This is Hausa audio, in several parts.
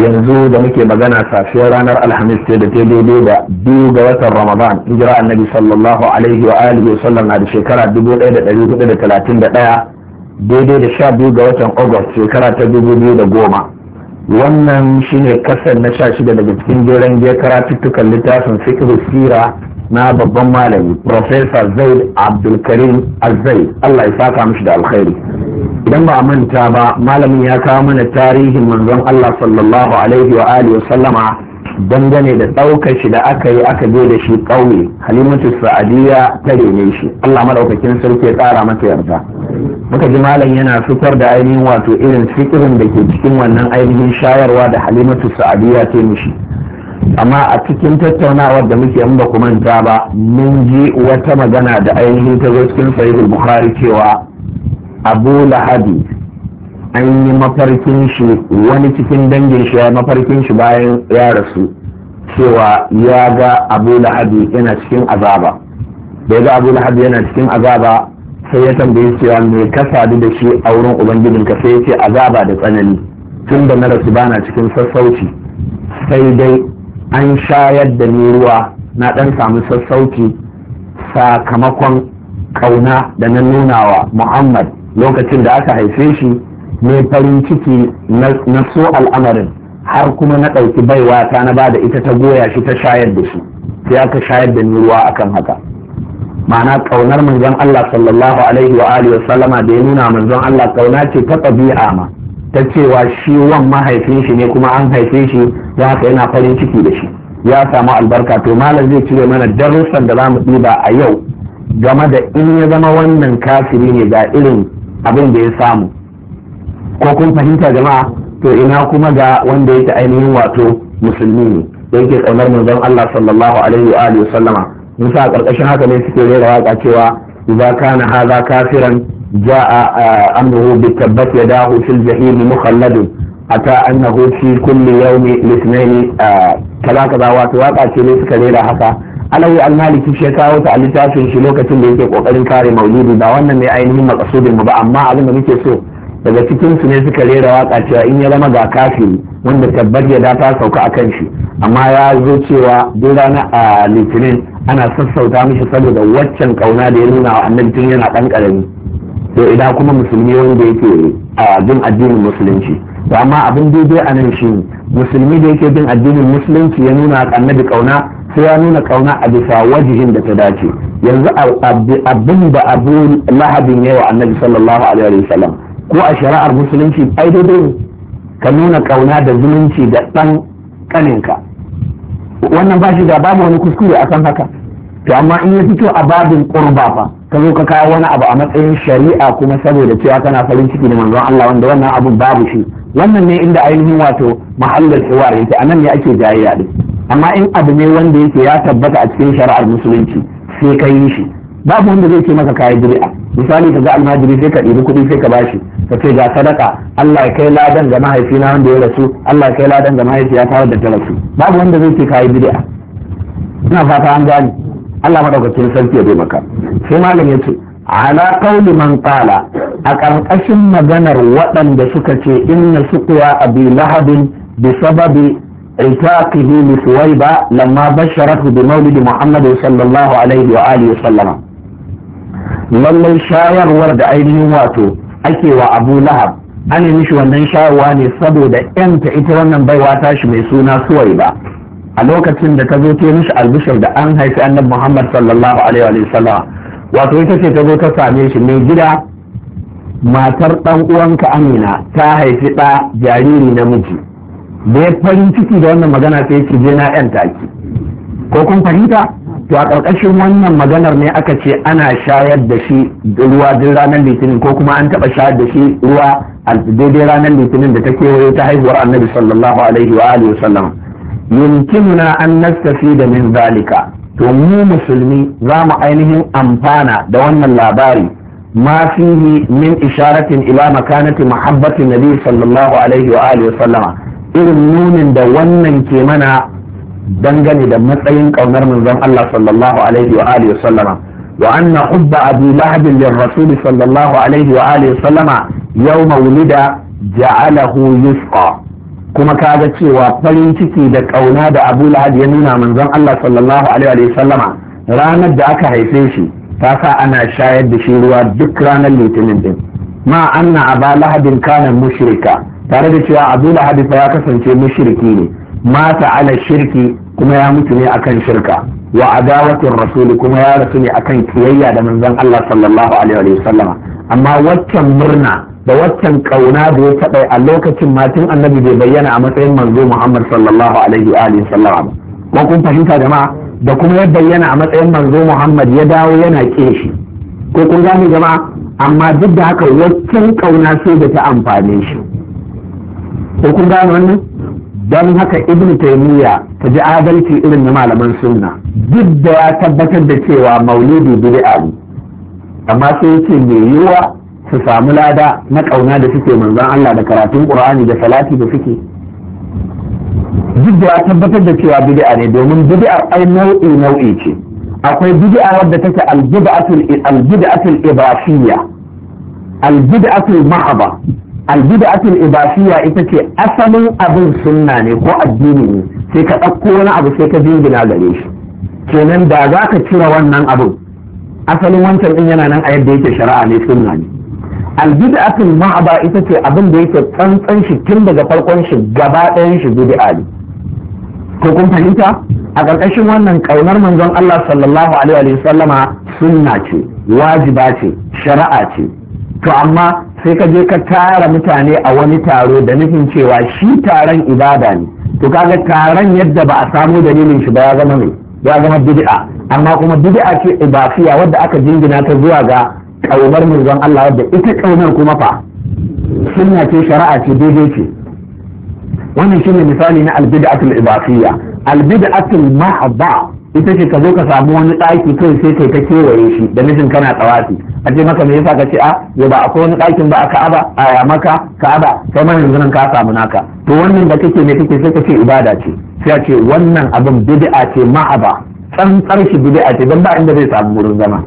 yanzu da muke magana safiyar ranar alhamis ce da ta daidai da biyu ga watan ramadan hijira annabi sallallahu alaihi wa alihi wa sallam na da shekara 1431 daidai da sha biyu ga watan august shekara ta dubu biyu da goma. wannan shine kasar na sha shida daga cikin jeren je karatuttukan littafin fikiru sira na babban malami professor zaid abdulkarim azai allah ya saka mishi da alkhairi idan ba a manta ba malamin ya kawo mana tarihin manzon Allah sallallahu alaihi wa alihi sallama dangane da ɗaukar shi da aka yi aka je da shi ƙauye halimatu sa'adiyya ta rene shi Allah madaukakin sarki ya tsara mata yarda muka ji malam yana fitar da ainihin wato irin fikirin da ke cikin wannan ainihin shayarwa da halimatu sa'adiyya ta mishi amma a cikin tattaunawar da muke in ba ku manta ba mun ji wata magana da ainihin ta zo cikin sahihul bukhari cewa abu lahabi an yi mafarkin shi wani cikin dangin shi ya mafarkin shi bayan ya rasu cewa ya ga abu lahabi yana cikin azaba da ya ga abu lahabi yana cikin azaba sai ya tambaye cewa me ka sadu da shi a wurin ka sai ya ce azaba da tsanani tun da na rasu bana cikin sassauci sai dai an shayar da ni ruwa na dan samu sassauci sakamakon kauna da na nunawa muhammad lokacin da aka haife shi ne farin ciki na so al'amarin har kuma na ɗauki baiwa ta na ba da ita ta goya shi ta shayar da shi sai aka shayar da ni ruwa akan haka ma'ana ƙaunar manzon Allah sallallahu alaihi wa alihi sallama da ya nuna manzon Allah ƙauna ce ta ɗabi'a ma ta cewa shi wan mahaifin shi ne kuma an haife shi don yana farin ciki da shi ya samu albarka to malam zai cire mana darussan da za mu ɗiba a yau game da in ya zama wannan kafiri ne ga irin abin da ya samu ko kun fahimta jama'a to ina kuma ga wanda yake ainihin wato musulmi ne yake kaunar manzon Allah sallallahu alaihi wa alihi sallama musa a karkashin haka ne suke rera waka cewa idza kana hadha kafiran jaa amruhu bi tabbati yadahu fil jahim mukhalladun ata annahu fi kulli yawmi lithnaini kaza kaza wato waka ce ne suka rera haka alawi almaliki shi kawo ta a littafin shi lokacin da yake kokarin kare maulidi ba wannan ne ainihin makasudin mu ba amma abin da muke so daga cikin su ne suka rera waka cewa in ya zama ga kafiri wanda tabbar ya ta sauka akan shi amma ya zo cewa duk rana a litinin ana sassauta mishi saboda waccan kauna da ya nuna wa annabi tun yana dan karami to idan kuma musulmi wanda yake a jin addinin musulunci to amma abin daidai a nan shi musulmi da yake bin addinin musulunci ya nuna annabi kauna sai ya nuna kauna a bisa wajihin da ta dace yanzu abin da abu lahabin ya wa annabi sallallahu alaihi sallam ko a shari'ar musulunci ai daidai ka nuna kauna da zumunci da dan kaninka wannan ba shi da babu wani kuskure akan haka to amma in ya fito a babin qurba fa ka zo ka kawo wani abu a matsayin shari'a kuma saboda cewa kana farin ciki da manzon Allah wanda wannan abun babu shi wannan ne inda ainihin wato mahallar hiwar yake anan ne ake jayayya din amma in abu ne wanda yake ya tabbata a cikin shari'ar musulunci sai ka yi shi babu wanda zai ce maka kayi bid'a misali ka ga almajiri sai ka ɗibi kuɗi sai ka bashi ka ce ga sadaka Allah ya kai ladan ga mahaifina wanda ya rasu Allah ya kai ladan ga mahaifiyata wanda ta rasu babu wanda zai ce kayi bid'a ina fata an gane Allah madaukakin sarki ya bai maka sai malam ya ce ala kauli man qala a ƙarƙashin maganar waɗanda suka ce inna suqwa abi lahabin bi sababi itaqihi li suwaiba lamma basharatu bi maulidi muhammad sallallahu alaihi wa alihi wa sallama lallai shayarwar da ainihin wato ake wa abu lahab an yi mishi wannan shayarwa ne saboda yanta ita wannan baiwa shi mai suna suwaiba a lokacin da ta zo ta mishi albishir da an haifi annabi muhammad sallallahu alaihi wa sallam wato ita ce ta zo ta same shi mai gida matar ɗan uwanka amina ta haifi ɗa jariri namiji da ya farin ciki da wannan magana sai ki je na yan taki ko kun fahimta to a ƙarƙashin wannan maganar ne aka ce ana shayar da shi ruwa duk ranar litinin ko kuma an taɓa shayar da shi ruwa a daidai ranar litinin da ta kewaye ta haihuwar annabi sallallahu alaihi wa alihi wa sallam yumkinuna an nastafi da min zalika to mu musulmi za mu ainihin amfana da wannan labari ma fihi min isharatin ila makanati mahabbatin nabi sallallahu alaihi wa alihi wa sallama irin nunin da wannan ke mana dangane da matsayin kaunar manzon Allah sallallahu alaihi wa alihi wa sallama wa anna hubba abi lahab lir rasul sallallahu alaihi wa alihi wa sallama yawma wulida ja'alahu yusqa kuma kaga cewa farin ciki da kauna da abu ya nuna manzon allah sallallahu alaihi sallama ranar da aka haife shi ta sa ana shayar da shi ruwa duk ranar litinin din ma anna aba lahadin kana mushrika tare da cewa abu lahabi fa ya kasance mushriki ne mata ala shirki kuma ya mutu ne akan shirka wa adawatin rasul kuma ya rasu ne akan kiyayya da manzon Allah sallallahu alaihi sallama amma waccan murna da waccan kauna da ya taɓa a lokacin matin annabi bai bayyana a matsayin manzo Muhammad sallallahu alaihi wa sallam ko kun fahimta jama'a da kuma ya bayyana a matsayin manzo Muhammad ya dawo yana ƙin shi ko kun gane jama'a amma duk da haka waccan kauna sai da ta amfane shi ko kun gane wannan don haka ibn taymiya ta ji adalci irin na malaman sunna duk da ya tabbatar da cewa maulidi bid'a amma sai yace mai yiwuwa su samu lada na ƙauna da suke manzon Allah da karatun Qur'ani da salati da suke duk da tabbatar da cewa bid'a ne domin bid'a ai nau'i nau'i ce akwai bid'a wadda take al-bid'atul al-bid'atul ibafiyya al-bid'atul mahaba al-bid'atul ibafiyya ita ce asalin abin sunna ne ko addini ne sai ka ɗauko wani abu sai ka jingina gare shi kenan da za ka cire wannan abin asalin wancan din yana nan a yadda yake shari'a ne sunna ne albid'atul ma'aba ita ce abin da yake tsantsan shi tun daga farkon shi gaba ɗayan shi bid'a ne ko kun fahimta a ƙarƙashin wannan ƙaunar manzon Allah sallallahu alaihi wa sallama sunna ce wajiba ce shari'a ce to amma sai ka je ka tara mutane a wani taro da nufin cewa shi taron ibada ne to kaga taron yadda ba a samu dalilin shi ba ya zama ne ya zama bid'a amma kuma bid'a ce ibafiya wadda aka jingina ta zuwa ga kaunar manzon Allah wadda ita kaunar kuma fa sunna ce shari'a ce daidai ce wannan shine misali na albid'atul ibafiyya albid'atul mahdha ita ce ka zo ka samu wani ɗaki kai sai kai ta kewaye shi da nufin kana tsawafi a ce maka me yasa ka ce a ya ba akwai wani ɗakin ba a ka'aba a ya maka ka'aba kai ma yanzu nan ka samu naka to wannan da kake me kake sai ka ibada ce sai a ce wannan abin bid'a ce ma'aba tsantsar shi bid'a ce don ba inda zai samu wurin zama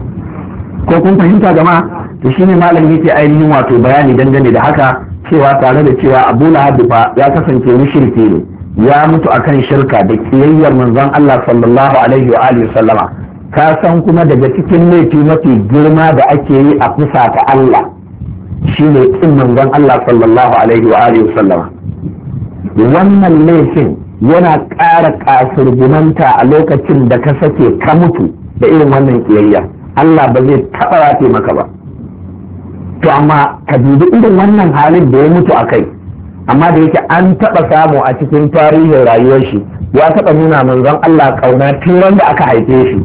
ko kun fahimta jama'a to shine malam yake ainihin wato bayani dangane da haka cewa tare da cewa Abu Lahab fa ya kasance mushriki ne ya mutu akan shirka da kiyayyar manzon Allah sallallahu alaihi wa alihi sallama ka san kuma daga cikin laifi mafi girma da ake yi a kusa ta Allah shine kin manzon Allah sallallahu alaihi wa alihi sallama wannan laifin yana ƙara kasurgumanta a lokacin da ka sake ka mutu da irin wannan kiyayya Allah ba zai taɓa rafe maka ba to amma ka dubi irin wannan halin da ya mutu a kai amma da yake an taɓa samu a cikin tarihin rayuwar shi ya taɓa nuna manzon Allah ƙauna tun wanda aka haife shi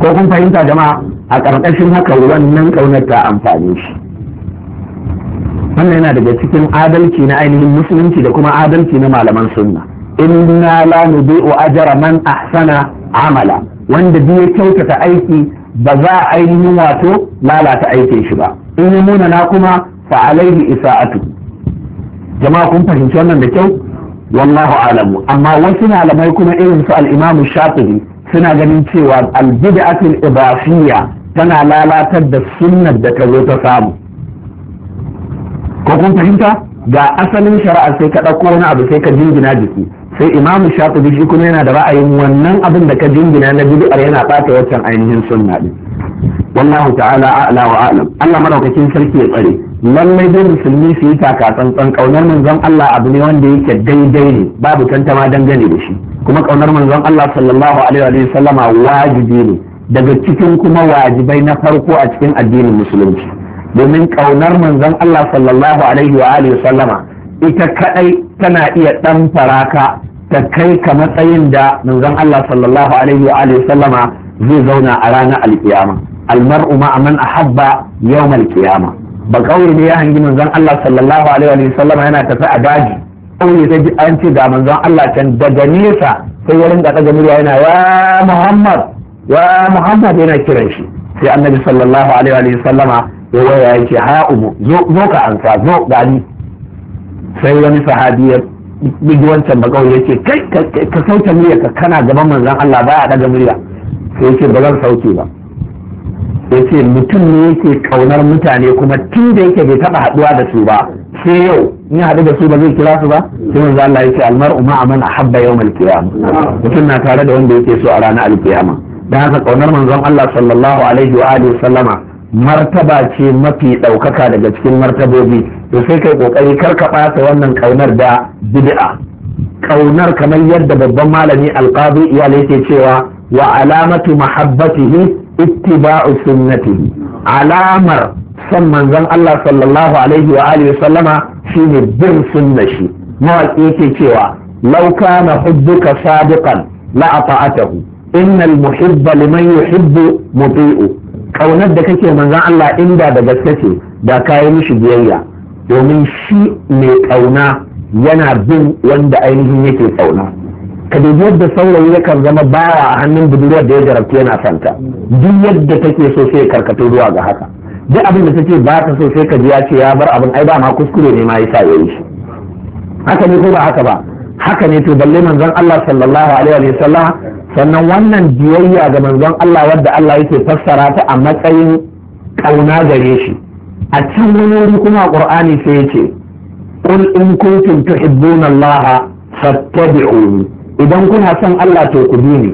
ko kun fahimta jama'a a ƙarƙashin haka wannan ƙaunar ta amfani shi wannan yana daga cikin adalci na ainihin musulunci da kuma adalci na malaman sunna inna la nudi'u ajra man ahsana amala wanda duk ya kyautata aiki ba za a ainihin wato lalata aikin shi ba in ya nuna na kuma fa alaihi isa'atu jama'a kun fahimci wannan da kyau wallahu alamu amma wasu malamai kuma irin su al-imamu shafi'i suna ganin cewa al-bid'atul ibafiyya tana lalatar da sunnar da ta zo ta samu ko kun fahimta ga asalin shari'a sai ka ɗauko wani abu sai ka jingina jiki sai imam Shafi shi kuma yana da ra'ayin wannan abin da ka jingina na bid'ar yana bata waccan ainihin sunna din wallahu ta'ala a'la wa a'lam Allah madaukakin sarki ya tsare lallai dai musulmi su yi taka tsantsan kaunar manzon Allah abu ne wanda yake daidai ne babu tantama dangane da shi kuma kaunar manzon Allah sallallahu alaihi wa sallama wajibi ne daga cikin kuma wajibai na farko a cikin addinin musulunci domin kaunar manzon Allah sallallahu alaihi wa sallama ita kadai tana iya ɗan faraka ta kai ka matsayin da manzon Allah sallallahu alaihi wa alihi sallama zai zauna a ranar alkiyama almar'u ma'a man ahabba yawmal qiyama ba kauye ne ya hangi manzon Allah sallallahu alaihi wa sallama yana tafi a daji kauye ta ji an ce ga manzon Allah can daga nesa sai ya rinka daga murya yana ya Muhammad ya Muhammad yana kiran shi sai annabi sallallahu alaihi wa sallama ya waya yake ha umu zo ka ansa zo gani sai wani sahabi bigi wancan kawai ya ce kai ka sauke murya ka kana gaban manzan Allah baya daga murya sai ce ba zan sauke ba ya ce mutum ne yake kaunar mutane kuma tun da yake bai taba haduwa da su ba sai yau in haɗu da su ba zai kira su ba sai manzo Allah ya ce umma ma'a habba ahabba yawmal qiyamah mutum na tare da wanda yake so a ranar alkiyama dan haka kaunar manzon Allah sallallahu alaihi wa alihi sallama martaba ce mafi ɗaukaka daga cikin martabobi to sai kai kokari kar ka ɓata wannan ƙaunar da bid'a ƙaunar kamar yadda babban malami alqazi iyalai ke cewa wa alamatu mahabbatihi ittiba'u sunnatihi alamar san manzon Allah sallallahu alaihi wa alihi sallama shine bin sunnashi mawaki yake cewa law kana hubbuka sadiqan la ata'atahu innal muhibba liman yuhibbu muti'u kaunar da kake manzan Allah inda da gaske ce da kayi mishi biyayya domin shi mai kauna yana bin wanda ainihin yake kauna ka dubi yadda saurayi yakan zama baya a hannun budurwar da ya jarabta yana santa duk yadda take so sai karkato zuwa ga haka duk abin da take ba ta so sai ka ji ya ce ya bar abin ai ba ma kuskure ne ma sa yayi shi haka ne ko ba haka ba haka ne to balle manzon Allah sallallahu alaihi wa sallam sannan wannan biyayya ga manzon Allah wadda Allah yake fassara ta a matsayin kauna gare shi a can wani wuri kuma qur'ani sai yace qul in kuntum tuhibbuna Allah fattabi'uni idan kuna son Allah to ku bi ni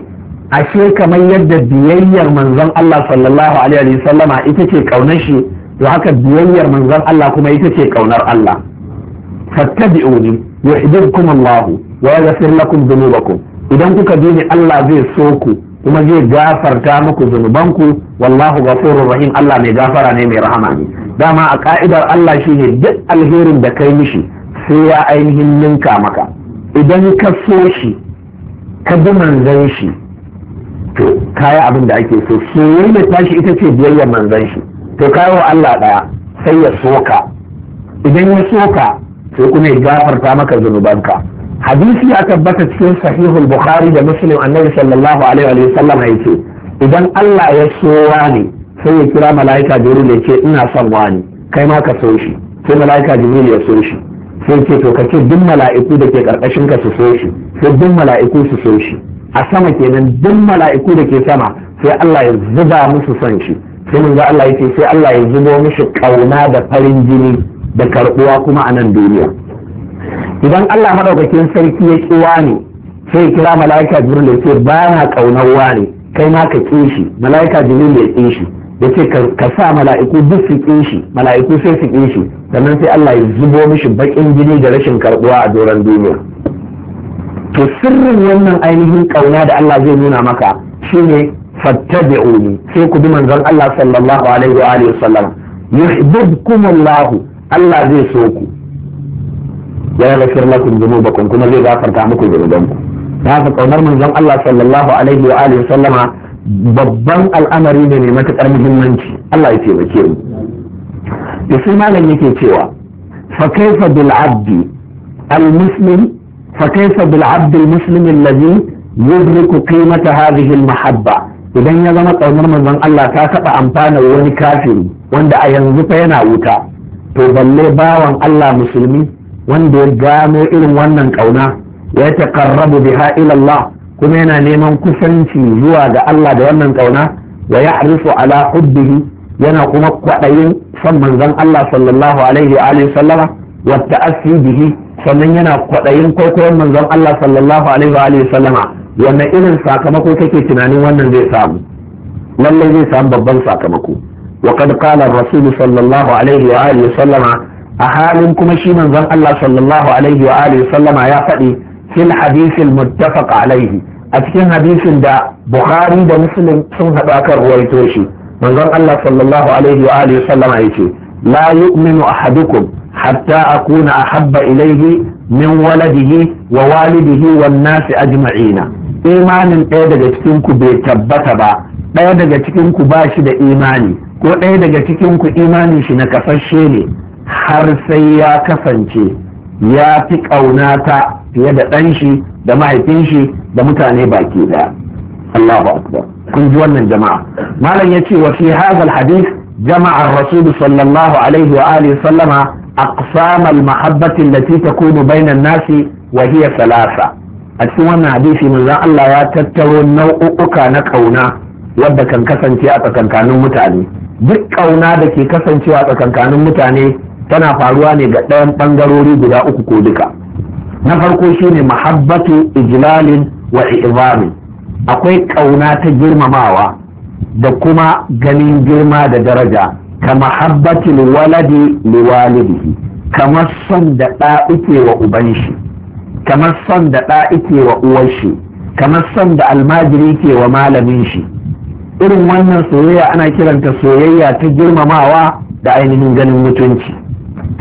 ashe kamar yadda biyayyar manzon Allah sallallahu alaihi wasallama ita ce kaunar shi to haka biyayyar manzon Allah kuma ita ce kaunar Allah fattabi'uni yuhibbukum Allah wa yaghfir lakum dhunubakum idan kuka bi ni Allah zai so ku kuma zai gafarta muku zunubanku wallahu ghafurur rahim Allah mai gafara ne mai rahama ne dama a ka'idar Allah shine duk alherin da kai mishi sai ya ainihin ninka maka idan ka so shi ka bi manzan shi to kaya abin da ake so soyayya tashi ita ce biyayyar manzan shi to kayo Allah daya sai ya soka idan ya soka sai kuma ya gafarta maka zunubanka hadisi ya tabbata cikin sahihul bukhari da muslim annabi sallallahu alaihi wa sallam ya ce idan Allah ya so wani sai ya kira mala'ika jibril ya ce ina son wani kai ma ka so shi sai mala'ika jibril ya so shi sai ce to ka duk mala'iku da ke karkashin ka su so shi sai duk mala'iku su so shi a sama kenan duk mala'iku da ke sama sai Allah ya zuba musu son shi sai mun ga Allah ya ce sai Allah ya zubo mishi kauna da farin jini da karbuwa kuma a nan duniya idan Allah madaukakin sarki ya ki wani sai kira mala'ika jibril ya ce na kaunar wani kai ma ka ki shi mala'ika jibril ya ki shi ya ce ka sa mala'iku duk su ki shi mala'iku sai su ki shi sannan sai Allah ya zubo mishi baƙin jini da rashin karɓuwa a doron duniya to sirrin wannan ainihin ƙauna da Allah zai nuna maka shine fattabi'uni sai ku bi manzon Allah sallallahu alaihi wa alihi wasallam yuhibbukumullahu Allah zai so ku ya yaghfir lakum dhunubakum kuma zai gafarta muku dhunubanku da haka kaunar manzon Allah sallallahu alaihi wa alihi sallama babban al'amari ne mai matukar muhimmanci Allah ya ce ba ke mu da sai malam yake cewa fa kaifa bil abdi al muslim fa kaifa bil abdi al muslim alladhi yudriku qimata hadhihi al mahabba idan ya zama kaunar manzon Allah ta taɓa amfana wani kafiri wanda a yanzu fa yana wuta to balle bawan Allah musulmi wanda ya gano irin wannan kauna ya taqarrabu biha ila kuma yana neman kusanci zuwa ga Allah da wannan kauna wa ya ya'rifu ala hubbihi yana kuma kwaɗayin son manzon Allah sallallahu alaihi wa alihi sallama wa ta'assi bihi sannan yana kwaɗayin kwaikwayon manzon Allah sallallahu alaihi wa alihi sallama wannan irin sakamako kake tunanin wannan zai samu lallai zai samu babban sakamako wa qad qala ar-rasul sallallahu alaihi wa sallama a halin kuma shi manzon Allah sallallahu alaihi wa alihi sallama ya faɗi fil hadisil muttafaq alaihi a cikin hadisin da Bukhari da Muslim sun haɗa kan ruwaito shi manzon Allah sallallahu alaihi wa alihi sallama yace la yu'minu ahadukum hatta akuna ahabba ilaihi min waladihi wa walidihi wan nasi ajma'ina imanin ɗaya daga cikin ku bai tabbata ba ɗaya daga cikin ku ba shi da imani ko ɗaya daga cikin ku imanin shi na kasashe ne har sai ya kasance ya fi ƙaunata fiye da ɗanshi da mahaifinshi da mutane baki daya Allahu akbar kun ji wannan jama'a malam ya yace wa fi hadha alhadith Jama'ar ar sallallahu alaihi wa alihi sallama aqsam al-mahabbati allati takunu bayna nasi wa hiya thalatha a cikin wannan hadisi manzon Allah ya tattaro nau'uka na ƙauna wadda kan kasance a tsakankanin mutane duk ƙauna da ke kasancewa a tsakankanin mutane tana faruwa ne ga ɗayan ɓangarori guda uku ko duka na farko shine mahabbatu ijlalin wa i'zamin akwai ƙauna ta girmamawa da kuma ganin girma da daraja ka mahabbatil waladi liwalidihi kamar son da ɗa uke wa uban shi kamar son da ɗa uke wa uwar shi kamar son da almajiri ke wa malamin shi irin wannan soyayya ana kiranta soyayya ta girmamawa da ainihin ganin mutunci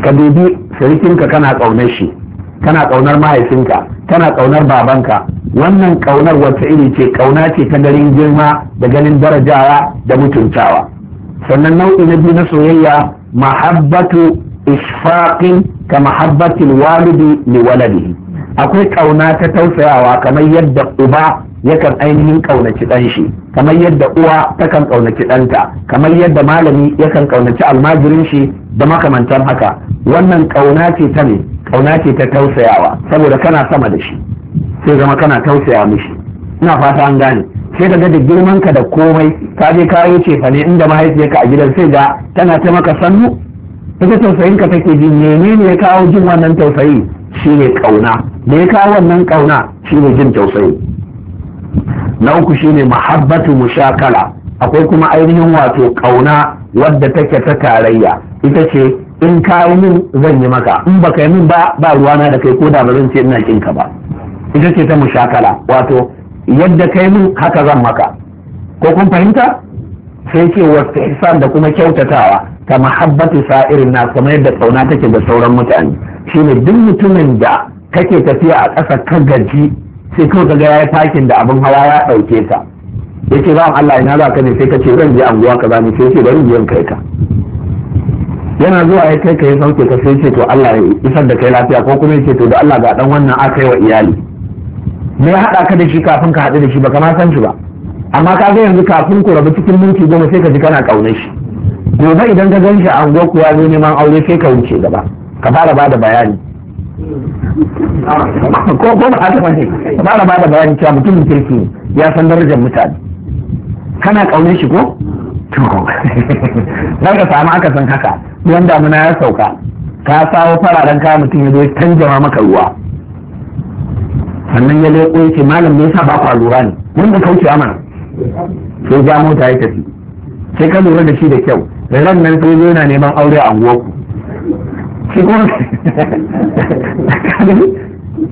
ka dubi sarkinka kana ƙaunar shi kana ƙaunar mahaifinka kana ƙaunar babanka wannan ƙaunar wata iri ce ƙauna ce ta garin girma da ganin darajawa da mutuntawa sannan nau'i na biyu na soyayya mahabbatu ishfaqin ka Mahabbatin walidi li waladihi akwai ƙauna ta tausayawa kamar yadda uba yakan ainihin ƙaunaci ɗan shi kamar yadda uwa takan ƙaunaci ɗanta kamar yadda malami yakan ƙaunaci almajirin shi da makamantan haka wannan ƙauna ce ta ne ƙauna ce ta tausayawa saboda kana sama da shi sai zama kana tausaya mishi ina fata an gane sai ka ga da girman ka da komai ka je ka yi cefa ne inda mahaifiyarka a gidan sai ga tana ta maka sannu ita tausayin ka take ji menene ya kawo jin wannan tausayi shine ƙauna me ya kawo wannan ƙauna shine jin tausayi na uku shine mahabbatu mushakala akwai kuma ainihin wato kauna wadda take ta tarayya ita ce in ka yi min zan yi maka in baka yi min ba ba ruwana da kai ko da ba zan ce ina kinka ba ita ce ta mushakala wato yadda kai min haka zan maka ko kun fahimta sai ce wasu ihsan da kuma kyautatawa ta mahabbatu sa'irin na kuma yadda kauna take da sauran mutane shine duk mutumin da kake tafiya a ƙasa ka gaji sai kawai ka ga ya takin da abin hawa ya ɗauke ka ya ce ba Allah ina za ka ne sai ka ce zan je anguwa ka ne sai ce bari kai ka yana zuwa ya kai ka ya sauke ka sai ce to Allah ya isar da kai lafiya ko kuma ya ce to da Allah ga dan wannan aka yi wa iyali me ya haɗa ka da shi kafin ka haɗu da shi ba ma san shi ba amma ka ga yanzu kafin ku rabu cikin minti goma sai ka ji kana ƙaunar shi gobe idan ka gan shi a anguwa kuwa ne neman aure sai ka wuce gaba ka fara ba da bayani ko ko ba aka mace ba na ba da bayani cewa mutumin kirki ya san darajar mutane kana kaunar shi ko to dan ka samu aka san haka ruwan damuna ya sauka ka sawo fararen kayan mutum ya zo ya canjama maka ruwa sannan ya ya ce malam me yasa ba ku lura ne wanda kauce amana sai ja mota ya tafi sai ka lura da shi da kyau ran nan sai zo yana neman aure a unguwarku shi kuma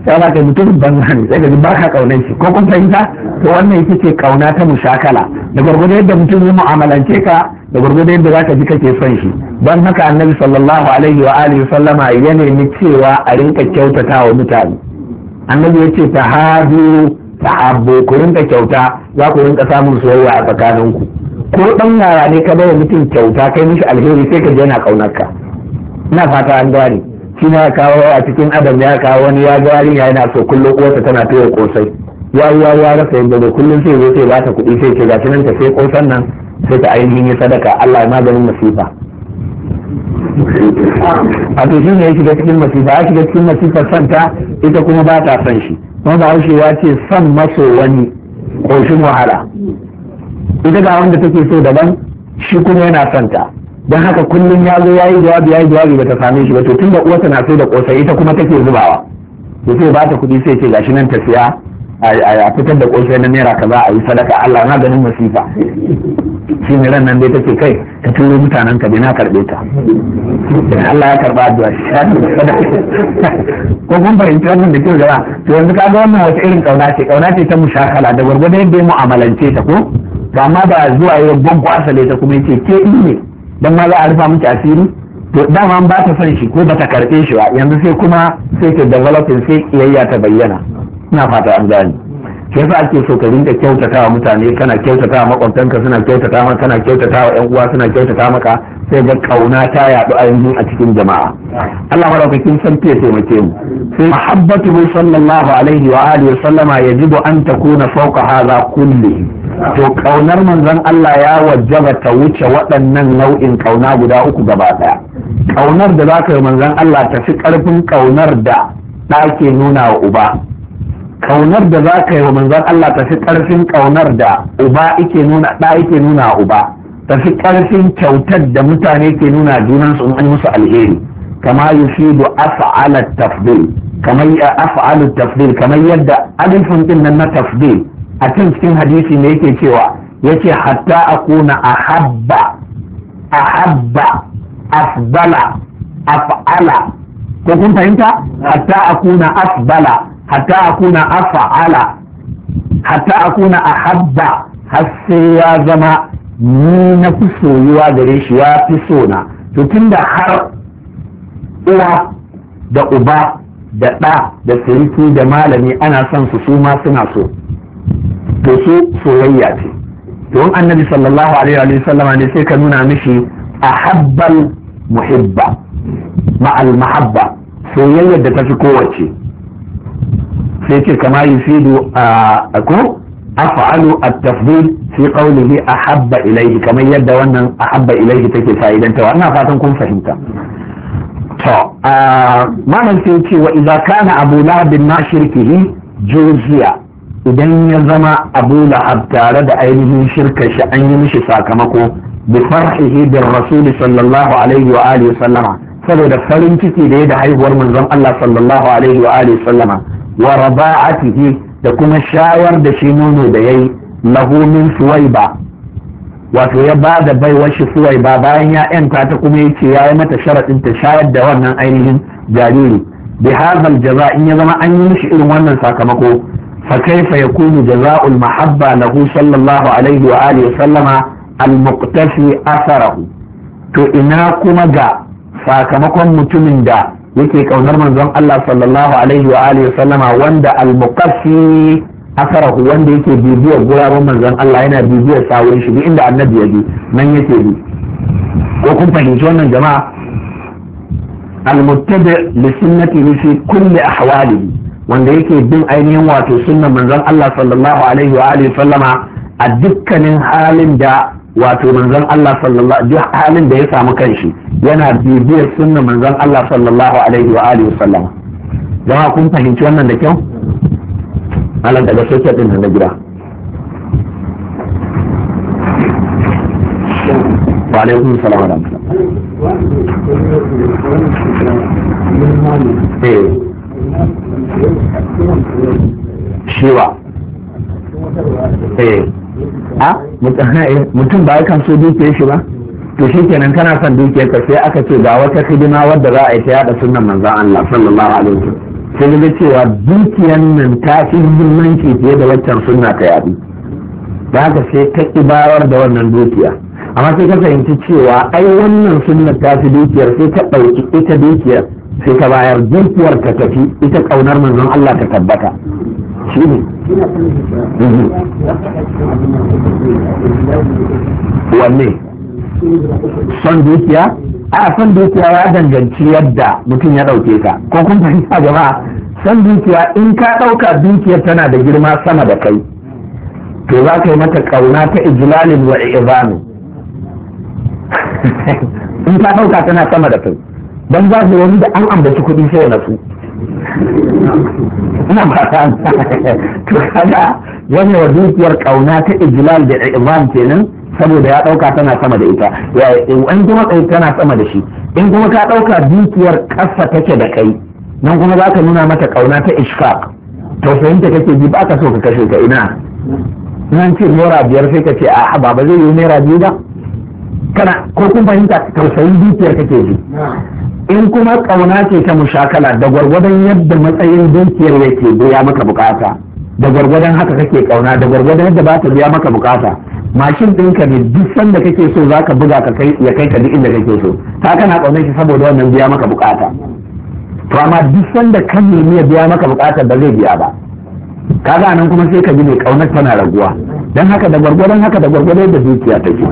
yana ka mutumin banza ne sai ka ji ba ka kaunar shi ko kun fahimta to wannan ita ce kauna ta mushakala da gwargwado yadda mutum ya mu'amalance ka da gwargwado yadda za ka ji kake son shi don haka annabi sallallahu alaihi wa alihi sallama ya nemi cewa a rinka kyautata wa mutane annabi ya ce ta hadu ta habbo ku rinka kyauta za ku rinka samun soyayya a tsakaninku ko dan yara ne ka bai mutum kyauta kai mishi alheri sai ka je yana kaunar ka na fata an gane shi na kawo a cikin adam ya kawo wani ya ga yarinya yana so kullum uwarsa tana tuwo kosai ya yi ya rasa yadda da kullum sai zai ba ta kuɗi sai ce ga nan ta sai kosan nan sai ta ainihin yi sadaka Allah ya maganin masifa a to shi ne ya shiga cikin masifa ya shiga cikin masifar santa ita kuma ba ta san shi wanda haushe ya ce son maso wani ƙoshin wahala ita ga wanda take so daban shi kuma yana santa don haka kullum ya zo yayi jawabi yayi jawabi bata same shi ba to tunda uwarsa na so da kosai ita kuma take zubawa to sai ba ta kuɗi sai ce gashi nan ta siya a fitar da kosai na naira kaza a yi sadaka Allah na ganin masifa shi ne ran nan dai take kai ka turo mutanen ka na karbe ta Allah ya karba addu'a ko kun fahimci wannan da kyau gaba to yanzu kaga wannan wata irin kauna ce kauna ce ta mushakala da gwargwado yadda ya mu'amalance ta ko amma ba zuwa yau gwangwa asale ta kuma yace ke ne dan ma za a rufa miki asiri to dama ba ta son shi ko ba ta karɓe shi ba yanzu sai kuma sai ta developing sai kiyayya ta bayyana ina fata an gane shi yasa ake so ka rinka kyautata wa mutane kana kyautata wa makwabtanka suna kyautata maka kana kyautata wa yan uwa suna kyautata maka sai ga kauna ta yaɗu a yanzu a cikin jama'a Allah madaukakin san ya taimake mu sai mahabbatu sallallahu alaihi wa alihi wa sallama yajibu an takuna fawqa hadha kullihi to ƙaunar manzon Allah ya wajaba ta wuce waɗannan nau'in ƙauna guda uku gaba ɗaya ƙaunar da za ka yi manzon Allah ta fi ƙarfin ƙaunar da ɗake nuna wa uba ƙaunar da za yi manzon Allah ta fi ƙarfin ƙaunar da uba ike nuna ɗa ike nuna wa uba ta fi ƙarfin kyautar da mutane ke nuna junansu in an musu alheri kama yufidu af'ala tafdil kamar af'alu tafdil kamar yadda alifin din nan na tafdil a kan cikin hadisi ne yake cewa yace hatta habba a ahabba afdala af'ala ko kun fahimta hatta akuna afdala hatta akuna af'ala hatta a habba har sai ya zama ni na fi soyuwa gare shi ya fi sona to tunda har uwa da uba da ɗa da sarki da malami ana son su su ma suna so to su soyayya ce don annabi sallallahu alaihi wa sallama ne sai ka nuna mishi habbal muhibba ma'al mahabba soyayyar da ta fi kowace sai ce kama yufidu a ko af'alu at-tafdil fi qawlihi ahabba ilayhi kamar yadda wannan ahabba ilayhi take wa ina fatan kun fahimta to malam sai ce wa idza kana abu lahab min shirkihi idan ya zama abu la'ab tare da ainihin shirka shi an yi mishi sakamako bi farhihi bin rasuli sallallahu alaihi wa alihi sallama saboda farin ciki da ya da haihuwar manzon Allah sallallahu alaihi wa alihi sallama wa raba'atihi da kuma shawar da shi nono da yayi lahu min suwaiba wato ya ba da baiwar shi suwaiba bayan ya yanta ta kuma yace ya yi mata sharadin ta shayar da wannan ainihin jariri bi hadha jaza in ya zama an yi mishi irin wannan sakamako فكيف يكون جزاء المحبة له صلى الله عليه وآله to ina kuma ga sakamakon mutumin da yake kaunar manzon Allah sallallahu alaihi wanda al asarahu wanda yake bibiyar guraben manzon Allah yana bibiya sawun shi inda annabi ya bi nan yake bi ko kun fahimci wannan jama'a al-muttabi li sunnatihi fi kulli ahwalihi wanda yake bin ainihin wato sunnan manzon Allah sallallahu alaihi wa alihi sallama a dukkanin halin da wato manzon Allah sallallahu halin da ya samu kanshi yana bibiyar sunnan manzon Allah sallallahu alaihi wa alihi sallama jama'a kun fahimci wannan da kyau malam daga soket din nan gida wa alaikum salam wa rahmatullah eh. shewa eh a eh, mutum ba kan so dukiyar shi ba to shi kenan kana son dukiyar ka sai aka ce ga wata hidima wadda za a yi ta yada sunan manzan Allah sallallahu alaihi wasallam sai ga cewa dukiyar nan ta fi muhimmanci fiye da waccan sunna ta yadi da haka sai ka kibayar da wannan dukiya amma sai ka fahimci cewa ai wannan sunna ta fi dukiyar sai ta ɗauki ita dukiyar sai ka bayar gaskiyar ka tafi ita kaunar manzon Allah ta tabbata shi ne mhm. wanne son dukiya a son dukiya ya danganci yadda mutum ya ɗauke ka ko kun fahimta jama'a son dukiya in ka ɗauka dukiyar tana da girma sama da kai to za ka yi mata kauna ta ijlalin wa ibanu in ka ɗauka tana sama da kai Don za su wani da an ambaci kuɗi sai na su ina ba ta to kaga wani wa dukiyar kauna ta ijlal da iman kenan saboda ya dauka tana sama da ita ya in kuma kai tana sama da shi in kuma ka dauka dukiyar kasa take da kai nan kuma za ka nuna mata kauna ta ishfaq to fahimta kake ji ba ka so ka kashe ka ina nan ce naira biyar sai ka ce a ba ba zai yi naira biyu ba kana ko kun fahimta tausayin dukiyar kake ji in kuma kauna ce ta mushakala da gwargwadon yadda matsayin dukiyar yake biya maka bukata da gwargwadon haka kake kauna da gwargwadon yadda ba ta biya maka bukata mashin ɗinka ne duk sanda kake so za ka buga ka kai ya kai ka duk inda kake so ta kana kaunar shi saboda wannan biya maka bukata to amma duk sanda kan nemi ya biya maka bukatar ba zai biya ba kaga nan kuma sai ka ji mai kaunar tana raguwa don haka da gwargwadon haka da gwargwadon da dukiya take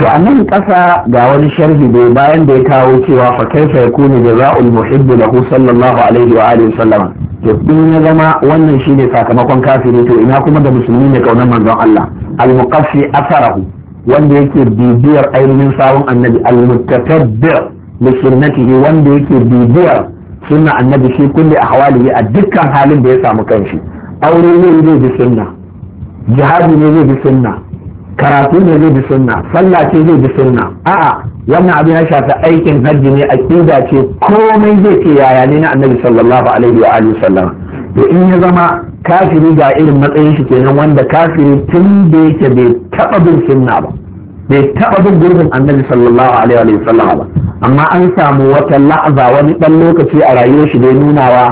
to a nan ƙasa ga wani sharhi dai bayan da ya kawo cewa fa kaifa yakunu jazaa'ul muhibbi lahu sallallahu alaihi wa alihi wasallam to in ya zama wannan shine sakamakon kafiri to ina kuma da musulmi ne kaunar manzon Allah al muqaffi atharahu wanda yake bibiyar ainihin sabon annabi al muttatabbi li sunnatihi wanda yake bibiyar sunna annabi shi kulli ahwalihi a dukkan halin da ya samu kanshi aure ne zai bi sunna jihadi ne zai bi sunna karatu ne zai bi sunna sallah ce zai bi sunna a'a wannan abin ya shafi aikin hajji ne aqida ce komai zai ce yaya ne na annabi sallallahu alaihi wa alihi sallam to in ya zama kafiri ga irin matsayin shi kenan wanda kafiri tun da yake bai taba bin sunna ba bai taba bin gurbin annabi sallallahu alaihi wa sallam ba amma an samu wata la'aza wani dan lokaci a rayuwar shi da nunawa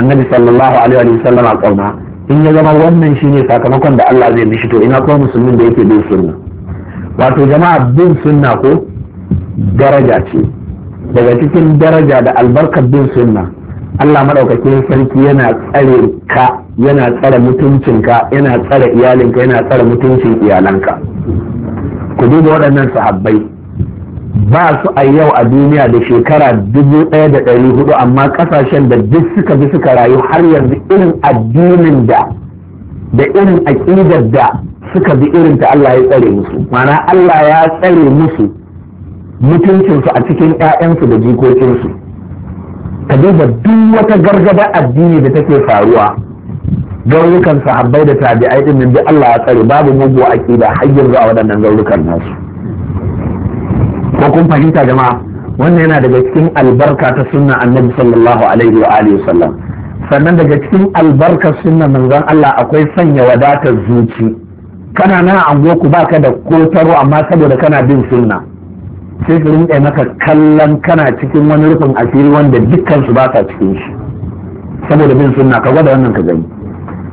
annabi sallallahu alaihi wa sallam a kauna in ya zama wannan shine sakamakon da Allah zai mishi to ina kuma musulmin da yake bin sunna wato jama'a bin sunna ko daraja ce daga cikin daraja da albarkar bin sunna Allah madaukake sarki yana tsare ka yana tsare mutuncin ka yana tsare iyalinka yana tsare mutuncin iyalanka ku duba waɗannan sahabbai ba su a yau a duniya da shekara dubu ɗaya da ɗari hudu amma ƙasashen da duk suka bi suka rayu har yanzu irin addinin da da irin aƙidar da suka bi irin ta Allah ya tsare musu mana Allah ya tsare musu mutuncinsu a cikin 'ya'yansu da jikokinsu ka duba duk wata gargada addini da take faruwa garurukan sahabbai da tabi'ai din bi Allah ya tsare babu mugu aƙida har yanzu a waɗannan garurukan nasu ko kun fahimta jama'a wannan yana daga cikin albarka ta sunna annabi sallallahu alaihi wa alihi sallam sannan daga cikin albarka sunna manzon Allah akwai sanya wadatar zuci kana na ango ku baka da kotaro amma saboda kana bin sunna sai su rinƙa maka kallon kana cikin wani rufin asiri wanda dukkan su ba cikin shi saboda bin sunna ka gwada wannan ka gani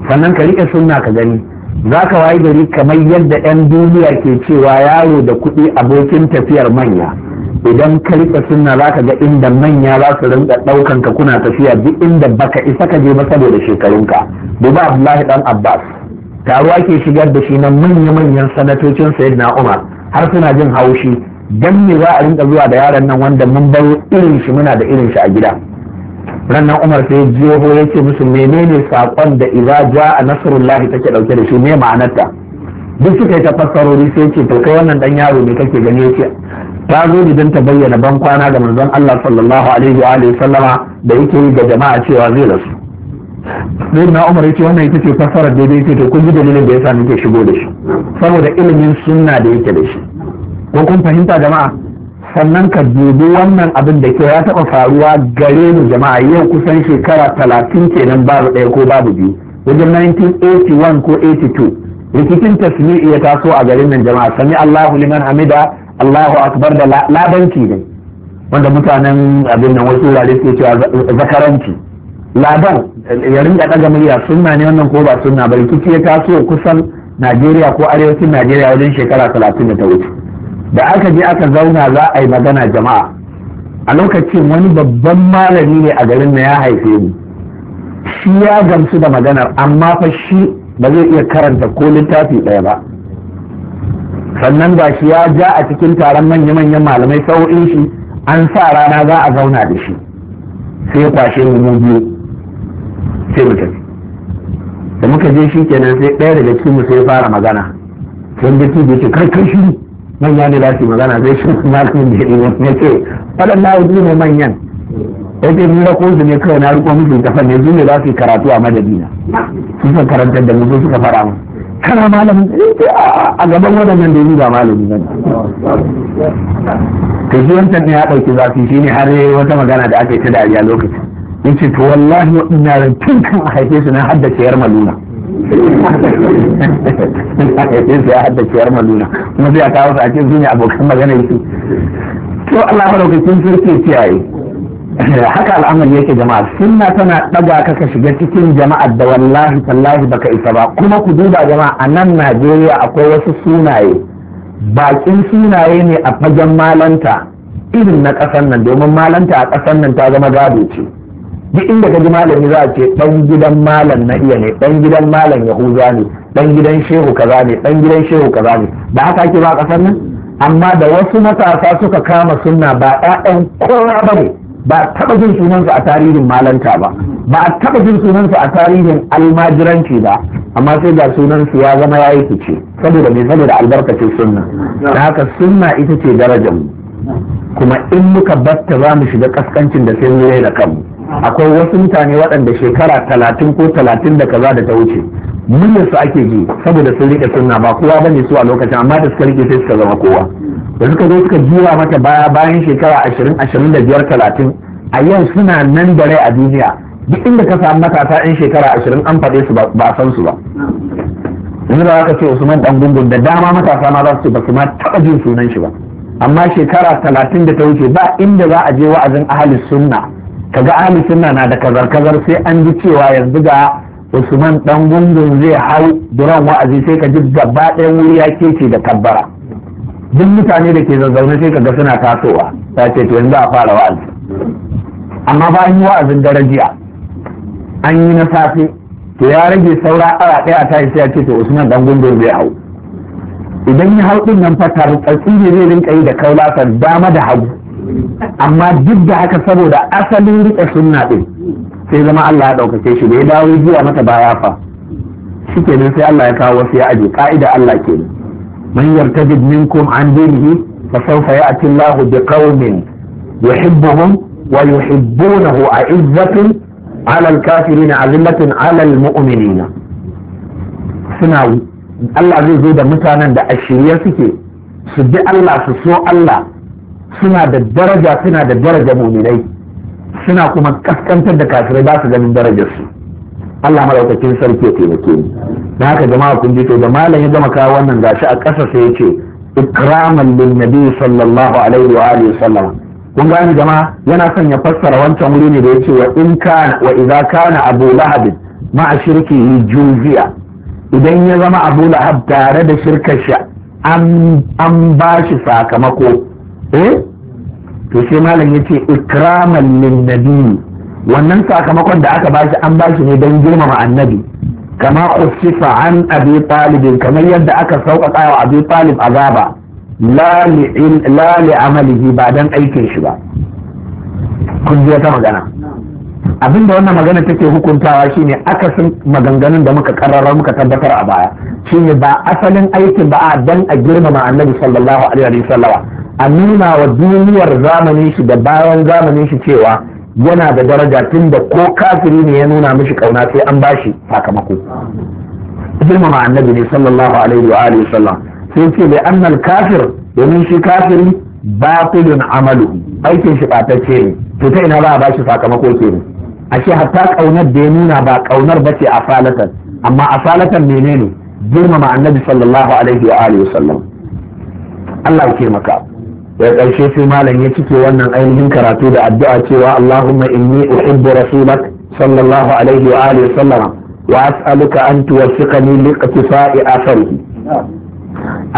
sannan ka riƙe sunna ka gani za ka wayi gari kamar yadda 'yan duniya ke cewa yaro da kuɗi abokin tafiyar manya idan ka rika sunna za ka ga inda manya za su rinka ɗaukan ka kuna tafiya duk inda baka isa ka je ba saboda shekarunka duba abdullahi Ɗan abbas taruwa ke shigar da shi na manya-manyan sanatocin na umar har suna jin haushi dan me za a rinka zuwa da yaron nan wanda mun bar irin shi muna da irin shi a gida rannan umar sai jiho ya ce musu menene saƙon da idza a nasrullahi take dauke da shi ne ma'anarta duk suka yi ta fassarori sai ce to kai wannan dan yaro ne kake gani yace ta zo ne don ta bayyana ban kwana ga manzon Allah sallallahu alaihi wa sallama da yake yi ga jama'a cewa zai rasu sai na Umar ce wannan ita ce fassarar daidai yake to kun ji dalilin da yasa nake shigo da shi saboda ilimin sunna da yake da shi ko kun fahimta jama'a sannan ka dubi wannan abin da ke ya taɓa faruwa gare mu jama'a yau kusan shekara talatin kenan babu ɗaya ko babu biyu wajen 1981 ko 82 rikicin tasmi'i ya taso a garin nan jama'a sami Allahu liman hamida Allahu akbar da labanci ne wanda mutanen abin nan wasu wurare suke cewa zakaranci Labar ya ringa daga murya sunna ne wannan ko ba sunna ba rikici ya taso kusan Najeriya ko arewacin Najeriya wajen shekara talatin da ta wuce da aka je aka zauna za a yi magana jama'a a lokacin wani babban malami ne a garin na ya haife ni shi ya gamsu da maganar amma fa shi ba zai iya karanta ko littafi ɗaya ba sannan ba shi ya ja a cikin taron manya-manyan malamai sau'in shi an sa rana za a zauna da shi sai kwashe mu mu biyu sai mu tafi da muka je shi kenan sai ɗaya daga cikin mu sai fara magana sai da ke kai kai shiru manya ne za su magana zai shi malamin da ya ne ce waɗanda hudu ne manyan ya ce ni rako su ne kawai na riko musu ta ne su ne za su yi karatu a madadina su san karantar da musu suka fara mu kana malamin ce a gaban waɗannan da yi ba malamin nan. ta shi wancan ne ya ɗauki zafi shi ne har wata magana da aka yi ta dariya lokacin ya ce to wallahi waɗannan tun kan a haife su na haddace yar maluna sai ya hadda ciyar maluna kuma sai ya kawo su a cikin su abokan magana yake to Allah madaukakin sarki kiyaye haka al'amari yake jama'a sunna tana daga ka ka shiga cikin jama'a da wallahi tallahi baka isa ba kuma ku duba jama'a a nan Najeriya akwai wasu sunaye bakin sunaye ne a fagen malanta irin na ƙasar nan domin malanta a ƙasar nan ta zama gado ce duk inda ka ji malami za a ce dan gidan malam na iya ne dan gidan malam yahuza ne dan gidan shehu kaza ne dan gidan shehu kaza ne da haka ake ba kasar nan amma da wasu matasa suka kama sunna ba ɗaɗan kowa ba ne ba a taɓa jin sunansu a tarihin malanta ba ba a taɓa jin sunansu a tarihin almajiranci ba amma sai ga sunansu ya zama ya yi saboda mai saboda albarkacin sunna da haka sunna ita ce darajar mu kuma in muka batta za mu shiga kaskancin da sai mu da kanmu akwai wasu mutane waɗanda shekara talatin ko talatin da kaza da ta wuce muryar su ake bi saboda sun rike sunna ba kowa ne su a lokacin amma da suka rike sai suka zama kowa da suka zo suka jiwa mata baya bayan shekara ashirin ashirin da biyar talatin a yau suna nan da rai a duniya duk inda ka samu matasa yan shekara ashirin an faɗe su ba san su ba yanzu da aka ce usman dan gungun da dama matasa ma za su ce ba su ma taɓa jin sunan shi ba amma shekara talatin da ta wuce ba inda za a je wa'azin ahalin sunna kaga ahli sunna na da kazar kazar sai an ji cewa yanzu ga usman dan gungun zai hau duran wa'azi sai ka ji gaba ɗayan wuri ya kece da tabbara duk mutane da ke zazzaune sai kaga suna tasowa ta ce to yanzu a fara wa'azi amma bayan yi wa'azin darajiya an yi na safe to ya rage saura ara ɗaya a tashi sai ya ce to usman dan gungun zai hau idan ya hau ɗin nan fa tarukatsi ne zai rinka yi da kaulasar dama da hagu amma duk da haka saboda asalin rika sunna din sai zama Allah ya ɗaukace shi bai dawo jiya mata baya fa shi ne sai Allah ya kawo wasu ya aje ka'ida Allah kenan man yartajid minkum an dinihi fa sawfa ya'ti Allah bi qaumin yuhibbuhum wa yuhibbunahu a'izzatin 'ala al-kafirin 'azillatin 'ala al-mu'minin suna Allah zai zo da mutanen da a shirye suke su bi Allah su so Allah suna da daraja suna da daraja muminai suna kuma kaskantar da kafirai ba su ganin darajarsu Allah malaukakin sarki ya taimake ni da haka jama'a kun ji to da malam ya gama kawo wannan gashi a ƙasa sai ya ce ikraman lin nabi sallallahu alaihi wa alihi sallam kun gani jama'a yana son ya fassara wancan wuri ne da yace wa in kana wa idza kana abu lahab ma'a shirki juziya idan ya zama abu lahab tare da shirkar shi an ba shi sakamako eh to sai malam ya ce ikraman lin nabi wannan sakamakon da aka bashi an bashi ne don girmama annabi kama khusifa an abi talib kamar yadda aka sauƙaƙa wa abi talib azaba la li amalihi ba dan aikin shi ba kun je ta magana Abinda wannan magana take hukuntawa shine akasin maganganun da muka karrara muka tabbatar a baya shine ba asalin aikin ba a dan a girmama annabi sallallahu alaihi wa sallama a nuna wa duniyar zamanin shi da bayan zamanin shi cewa yana da daraja tun da ko kafiri ne ya nuna mishi kauna sai an bashi sakamako girmama annabi ne sallallahu alaihi wa alihi sallam sai ce da annal kafir domin shi kafiri batilun amalu aikin shi batacce ne to ta ina ba a bashi sakamako kenan ashe hatta kaunar da ya nuna ba kaunar a asalatan amma asalatan menene girmama annabi sallallahu alaihi wa alihi sallam Allah ya taimaka da ƙarshe sai malam ya cike wannan ainihin karatu da addu'a cewa Allahumma inni uhibbu rasulak sallallahu alaihi wa alihi sallama wa as'aluka an tuwaffiqani liqtisa'i atharihi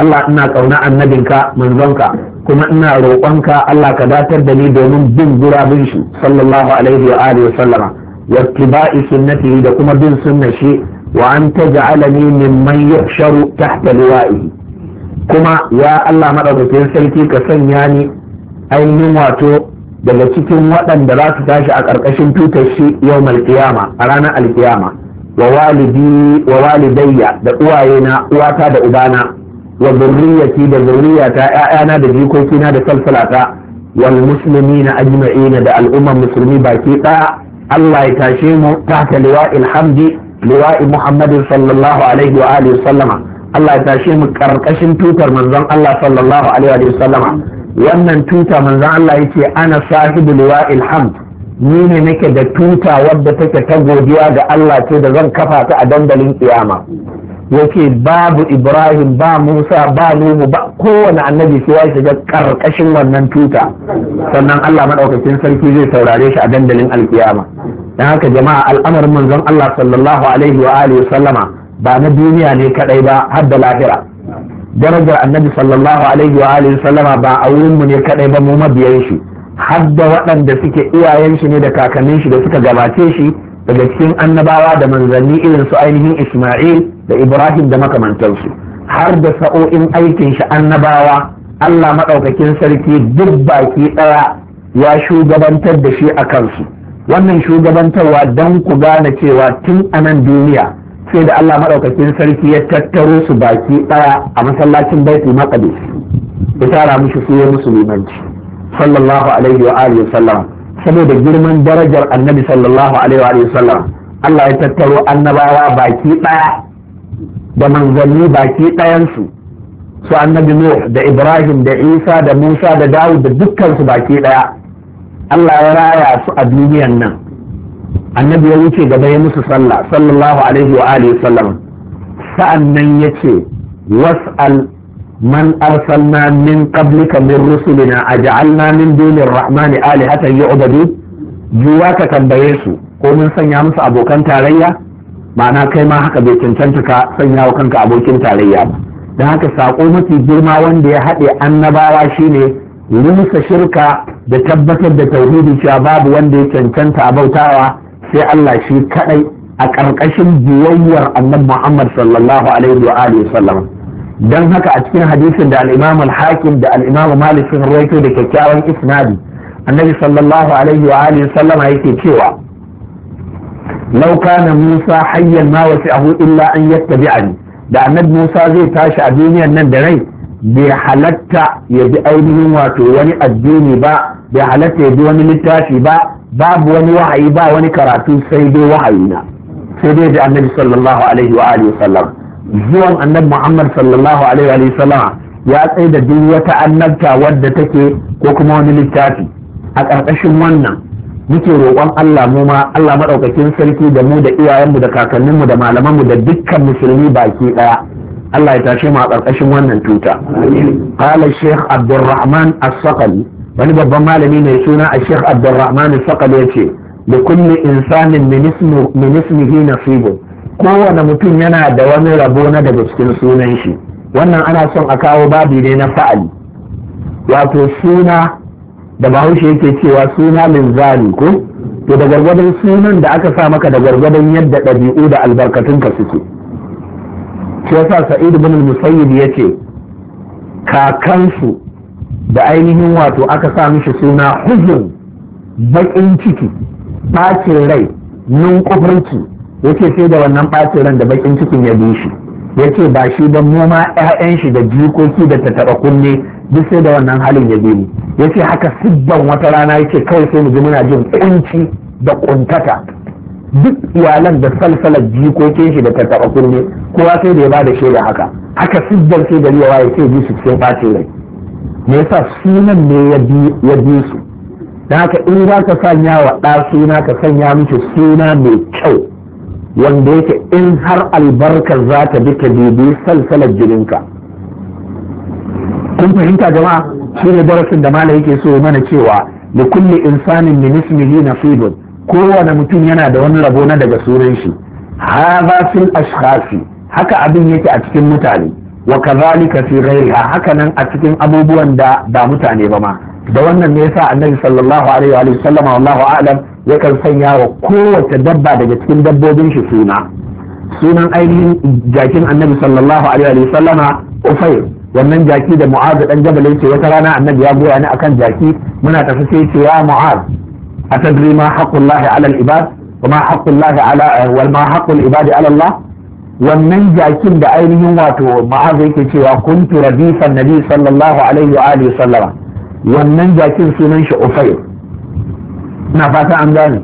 Allah ina kauna annabinka manzonka kuma ina roƙonka Allah ka datar da ni domin bin gurabin shi sallallahu alaihi wa alihi sallama wa tibai da kuma bin sunnar shi wa an taj'alani mimman yahsharu tahta liwa'ihi kuma ya Allah maɗaukakin sarki ka sanya ni ainihin wato daga cikin waɗanda za su tashi a ƙarƙashin tutar shi yau malkiyama a ranar alkiyama wa walidayya da uwayena uwata da ubana wa zurriyati da zurriyata ƴaƴana da jikokina da salsalata wal muslimina ajma'ina da al'ummar musulmi baki ɗaya Allah ya tashe mu tahta liwa'il hamdi liwa'i Muhammadin sallallahu alaihi wa alihi sallama Allah ya tashe mu karkashin tutar manzon Allah sallallahu alaihi wa sallama wannan tuta manzon Allah yace ana sahibu ilham hamd ni ne nake da tuta wadda take ta godiya ga Allah ce da zan kafa ta a dandalin kiyama yake babu Ibrahim ba Musa ba Nuhu ba kowane annabi sai ya shiga karkashin wannan tuta sannan Allah madaukakin sarki zai saurare shi a dandalin alkiyama dan haka jama'a al'amarin manzon Allah sallallahu alaihi wa alihi sallama ba na duniya ne kadai ba har da lahira darajar annabi sallallahu alaihi wa alihi sallama ba a wurin mu ne kadai ba mu mabiyan shi har da waɗanda suke iyayen shi ne da kakannin shi da suka gabace shi daga cikin annabawa da manzanni irin su ainihin Isma'il da Ibrahim da makamantansu har da sa'o'in aikin shi annabawa Allah maɗaukakin sarki duk baki ɗaya ya shugabantar da shi a kansu wannan shugabantarwa don ku gane cewa tun a nan duniya sai da Allah maɗaukakin sarki ya tattaro su baki ɗaya a masallacin baiti maqdis ya tara mishi su musu musulmanci sallallahu alaihi wa alihi sallam saboda girman darajar annabi sallallahu alaihi wa alihi sallam Allah ya tattaro annabawa baki ɗaya da manzanni baki ɗayansu su annabi Nuh da Ibrahim da Isa da Musa da Dawud da dukkan su baki ɗaya Allah ya raya su a duniyan nan annabi ya wuce gaba ya musu sallah sallallahu alaihi wa alihi sallam sa'annan yace was'al man arsalna min qablika min rusulina aj'alna min dunir rahmani alihatan yu'badu juwa ka tambaye su ko mun sanya musu abokan tarayya ma'ana kai ma haka bai cancanta ka sanya wa kanka abokin tarayya ba don haka sako mafi girma wanda ya haɗe annabawa shine rusa shirka da tabbatar da tauhidi cewa babu wanda ya cancanta a bautawa sai Allah shi kadai a ƙarƙashin biyayyar annabi Muhammad sallallahu alaihi wa alihi sallam dan haka a cikin hadisin da al-Imam al-Hakim da al-Imam Malik sun rawaito da kyakkyawan isnadi annabi sallallahu alaihi wa alihi sallam yake cewa law kana Musa hayyan ma wasi'ahu illa an yattabi'ani da annabi Musa zai tashi a duniyar nan da rai bai halatta ya bi ainihin wato wani addini ba bai halatta ya bi wani littafi ba babu wani wahayi ba wani karatu sai dai wahayi na sai dai da annabi sallallahu alaihi wa alihi sallam zuwan annabi muhammad sallallahu alaihi wa sallam ya tsaye da duk wata annabta wadda take ko kuma wani littafi a ƙarƙashin wannan muke roƙon Allah mu ma Allah madaukakin sarki da mu da iyayenmu da kakanninmu da malamanmu da dukkan musulmi baki ɗaya Allah ya tashe mu a ƙarƙashin wannan tuta qala shaykh abdurrahman as-saqali wani babban malami mai suna a sheikh abdurrahman faqad ya ce da kulli insanin min ismihi nasibun kowane mutum yana da wani rabo na daga cikin sunan shi wannan ana son a kawo babi ne na fa'ali wato suna da bahaushe yake cewa suna linzali ko to da gargadon sunan da aka sa maka da gargadon yadda ɗabi'u da albarkatunka suke shi yasa sa'id bin musayyib yace kakansu da ainihin wato aka sa mishi suna hujjun baƙin ciki ɓacin rai nun kufurci ce sai da wannan ɓacin ran da bakin cikin ya bi shi Ya ce ba shi don noma 'ya'yan shi da jikoki da tattaɓa kunne duk sai da wannan halin ya bi mu ce haka sibban wata rana ya ce kawai sai mu ji muna jin ƙunci da ƙuntata. duk iyalan da salsalar jikokin shi da tattaɓa kunne kowa sai da ya ba da shaida haka haka sibban sai da riyawa ya ce sai ji su cikin ɓacin rai me yasa sunan ne ya bi su da haka in za ka sanya wa ɗa suna ka sanya miki suna mai kyau wanda yake in har albarkar za ta bi ka bibi salsalar jininka kun fahimta jama'a shi ne darasin da mala yake so mana cewa da kulle insanin ne na nasibun kowane mutum yana da wani rabo daga sunan shi ba sun ashkhasi haka abin yake a cikin mutane wa kazalika fi ghairiha hakanan a cikin abubuwan da ba mutane ba ma da wannan ne yasa annabi sallallahu alaihi wa sallama wallahu a'lam yakan sanya wa kowace dabba daga cikin dabbobin shi suna sunan ainihin jakin annabi sallallahu alaihi wa sallama ufair wannan jaki da mu'az dan jabal yace wata rana annabi ya goya ni akan jaki muna tafi sai ce ya mu'az atadri ma haqqullahi ala al-ibad wa ma haqqullahi ala wa ma haqqul ibadi ala Allah wannan jakin da ainihin wato ma'aza yake cewa kuntu radifan nabi sallallahu alaihi wa alihi sallama wannan jakin sunan shi ufayr na fata an gane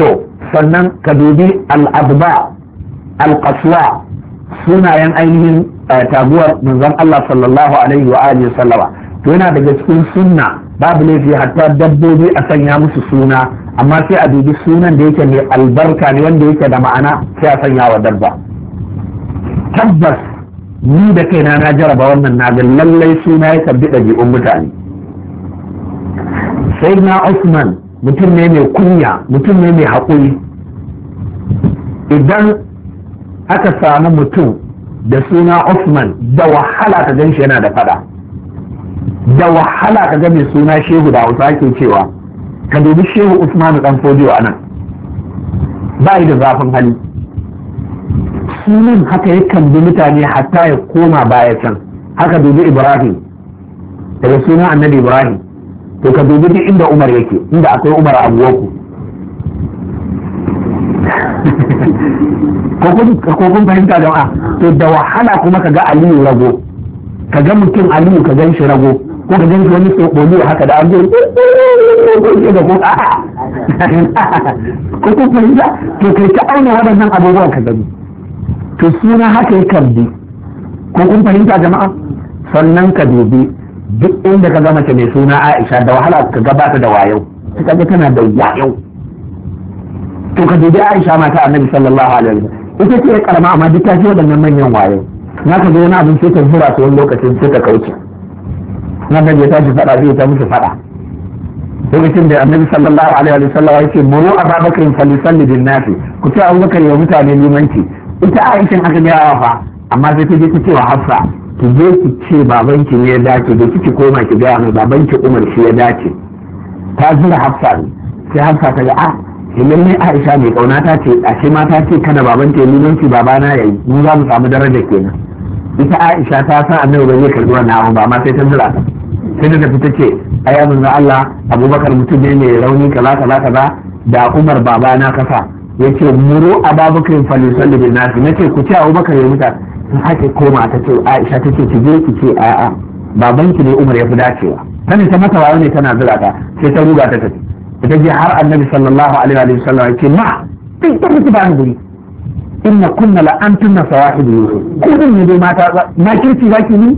to sannan ka dubi al-adba al-qaswa sunayen ainihin eh, taguwar manzon Allah sallallahu alaihi wa alihi sallama to yana daga cikin sunna babu laifi hatta dabbobi a sanya musu suna amma sai a dubi sunan da yake mai albarka ne wanda yake da ma'ana sai a sanya wa dabba tabbas ni da kaina na jaraba wannan na ga lallai suna ya karbi ɗabi'un mutane sai na Osman mutum ne mai kunya mutum ne mai haƙuri idan aka samu mutum da suna Osman da wahala ka gan shi yana da fada da wahala ka ga mai suna shehu da hausa ke cewa ka dubi shehu Usman dan fodiyo nan ba da zafin hali shi haka yakan bi mutane hatta ya koma baya can haka dubi ibrahim daga sunan annabi ibrahim to ka dubi duk inda umar yake inda akwai umar abuwaku ko kun fahimta jama'a to da wahala kuma ka ga aliyu rago ka ga mutum aliyu ka gan shi rago ko ka gan shi wani tsokoli haka da an zo da ko a'a ko kun fahimta to kai ta auna waɗannan abubuwan ka gani to suna haka ya karbi ko kun fahimta jama'a sannan ka dubi duk inda ka ga mace mai suna Aisha da wahala ka gabata da wayo ta kaga tana da wayo to ka dubi Aisha mata Annabi sallallahu alaihi wasallam ita ce karama amma duk ta ce wadannan manyan wayo na ka zo wani abin sai ta zura su wani lokacin sai ta kauce na ga ya tashi fada sai ta musu fada lokacin da annabi sallallahu alaihi wa sallam ya ce muru ababakar falisalli bin nafi ku ce abubakar ya mutane limanci ita yankin aka gaya fa amma sai ta je ta ce wa hafsa ki je ki ce babanki ne ya dace da kike koma ki gaya mai babanki umar shi ya dace ta zura hafsa ne sai hafsa ta ga a ah, Hilal ne aisha mai kauna ta ce a shi ma ta ce kada baban ta ki babana ya yi mu za mu samu daraja kenan ita aisha ta san annabi ba zai karbi wannan abu ba ma sai ta zura ta sai ta tafi ta ce yanzu Allah abubakar mutum ne mai rauni kaza kaza kaza da umar babana kasa yace muru ababakar falisalli bin nasi nace ku ce abubakar ya muta ta sake koma ta ce aisha ta ce ki je ki ce a'a babanki ne umar ya fi dacewa tana ta masa wayo ne tana zira ta sai ta ruga ta tafi ta je har annabi sallallahu alaihi wa sallam ce ma kin tabbata ba guri inna kunna la antunna sawahib yusuf kun ne dai mata na kirki za ki ni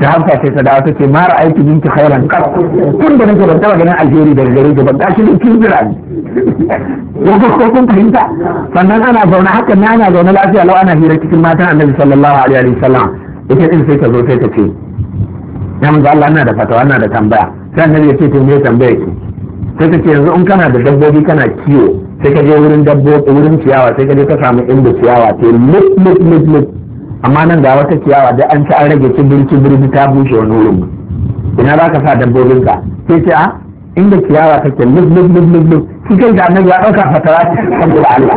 da hamsa ce sadawa ta ce mara aiki binki khairan kar tun da nake ban taba ganin Aljeri daga gare ki ban gashi ne kin jira ne ko kun fahimta sannan ana zaune haka na ana zaune lafiya lau ana hira cikin matan annabi sallallahu alaihi wa sallam ita din sai ta zo sai ta ce ya manzo Allah ina da fatawa ina da tambaya sai annabi ya ce to me tambaye ki sai ta ce yanzu in kana da dabbobi kana kiwo sai ka je wurin dabbobi wurin ciyawa sai ka je ka samu inda ciyawa ta lit lit lit lit amma nan ga wata ciyawa da an ci an rage kibir kibir ta bushe wani wurin ina za ka sa dabbobin ka sai ce a inda ciyawa take luf luf luf luf luf shi kai da annabi ya dauka fatara ta da Allah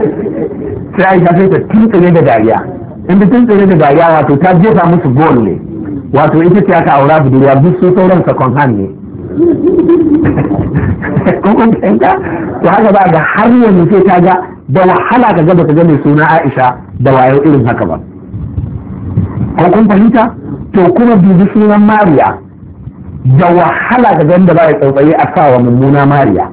sai Aisha sai ta tuntsire da dariya inda tuntsire da dariya wato ta jefa musu gol ne wato ita ce aka aura budurwa duk su sauran sakon hand ne kun fahimta to haka ba ga har yanzu sai ta ga da wahala ka ga baka ga mai suna Aisha da wayo irin haka ba ko kun fahimta to kuma dubi sunan mariya da wahala ga da ba ya tsautsaye a sawa mummuna mariya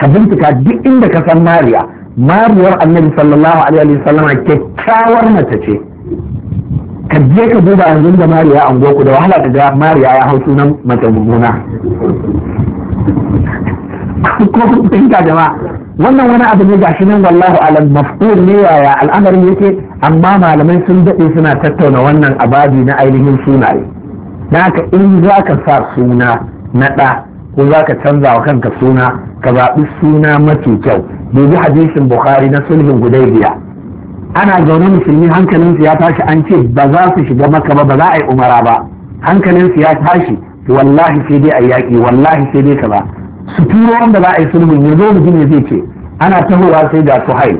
ka bincika duk inda ka san mariya mariyar annabi sallallahu alaihi wasallama kyakkyawar mace ce ka je ka duba yanzu da mariya an goku da wahala ka ga mariya ya hau sunan mace mummuna ko kun fahimta jama'a wannan wani abu ne shi nan wallahu alam mafhum ne yaya al'amarin yake amma malamai sun daɗe suna tattauna wannan abadi na ainihin sunaye na ka in za ka sa suna na ɗa ko za ka canza wa kanka suna ka zaɓi suna mafi kyau dubi hadisin bukhari na sulhin gudaibiya ana zaune musulmi su ya tashi an ce ba za su shiga maka ba ba za a yi umara ba hankalin su ya tashi wallahi sai dai a yaki wallahi sai dai kaza su turo wanda za a yi sulhun ya zo mutum zai ce ana tahowa sai ga suhail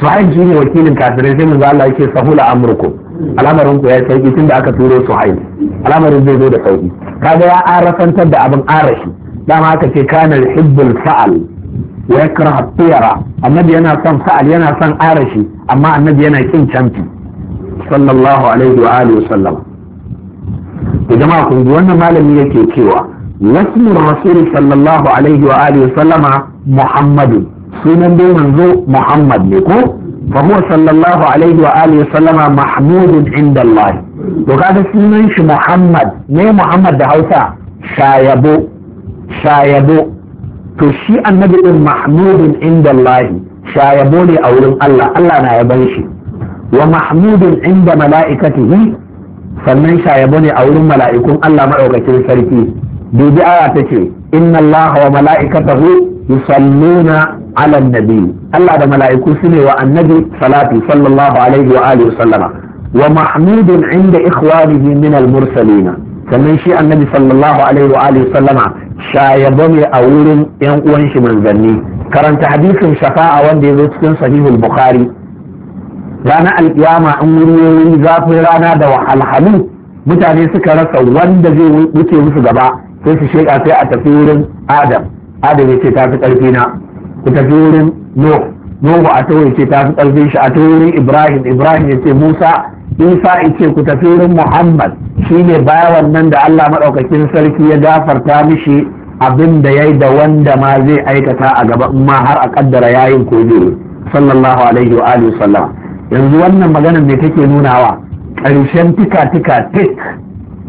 suhail shi ne wakilin kafirai sai manzo Allah yake sahula amurku al'amarin ku ya sauki tun da aka turo suhail al'amarin zai zo da sauki kaga ya arafantar da abin arashi dama aka ce kana hibbul fa'al wa yakrahu tiyara annabi yana son fa'al yana son arashi amma annabi yana kin canfi sallallahu alaihi wa alihi wa jama'a kun ji wannan malami yake cewa wasu rasul sallallahu alaihi wa alihi sallama muhammadu sunan dai manzo muhammad ne ko فهو صلى الله عليه وآله وسلم محمود عند الله وقال سننش محمد ne محمد ده هوسا شايبو shayabo to shi annabi din mahmudin inda Allah shayabo ne a wurin Allah Allah na yaban shi wa mahmudin inda mala'ikatihi sannan shayabo ne a wurin mala'ikun Allah maɗaukakin sarki dubi aya ta ce inna allaha wa mala'ikatahu yusalluna ala nabi Allah da mala'iku su ne wa annabi salatu sallallahu alaihi wa alihi sallama wa mahmudun inda ikhwanihi min al mursalina sannan shi annabi sallallahu alaihi wa alihi sallama shayaba ne a wurin yan uwan shi manzanni karanta hadisin shafa'a wanda ya zo cikin sahihul bukhari ranar alkiyama in wuri zafin rana da wahalhalu mutane suka rasa wanda zai wuce musu gaba sai su sheka sai a tafi wurin adam adam ya ce ta fi ƙarfi na ku tafi wurin no nuhu a tawo ce ta fi ƙarfin shi a tawo wurin ibrahim ibrahim ya ce musa isa ya ce ku tafi wurin muhammad shine bayan nan da allah maɗaukakin sarki ya gafarta mishi abin da ya yi da wanda ma zai aikata a gaba in ma har a kaddara yayin ko zai sallallahu alaihi wa alihi sallam yanzu wannan maganar ne take nunawa ƙarshen tika tika tik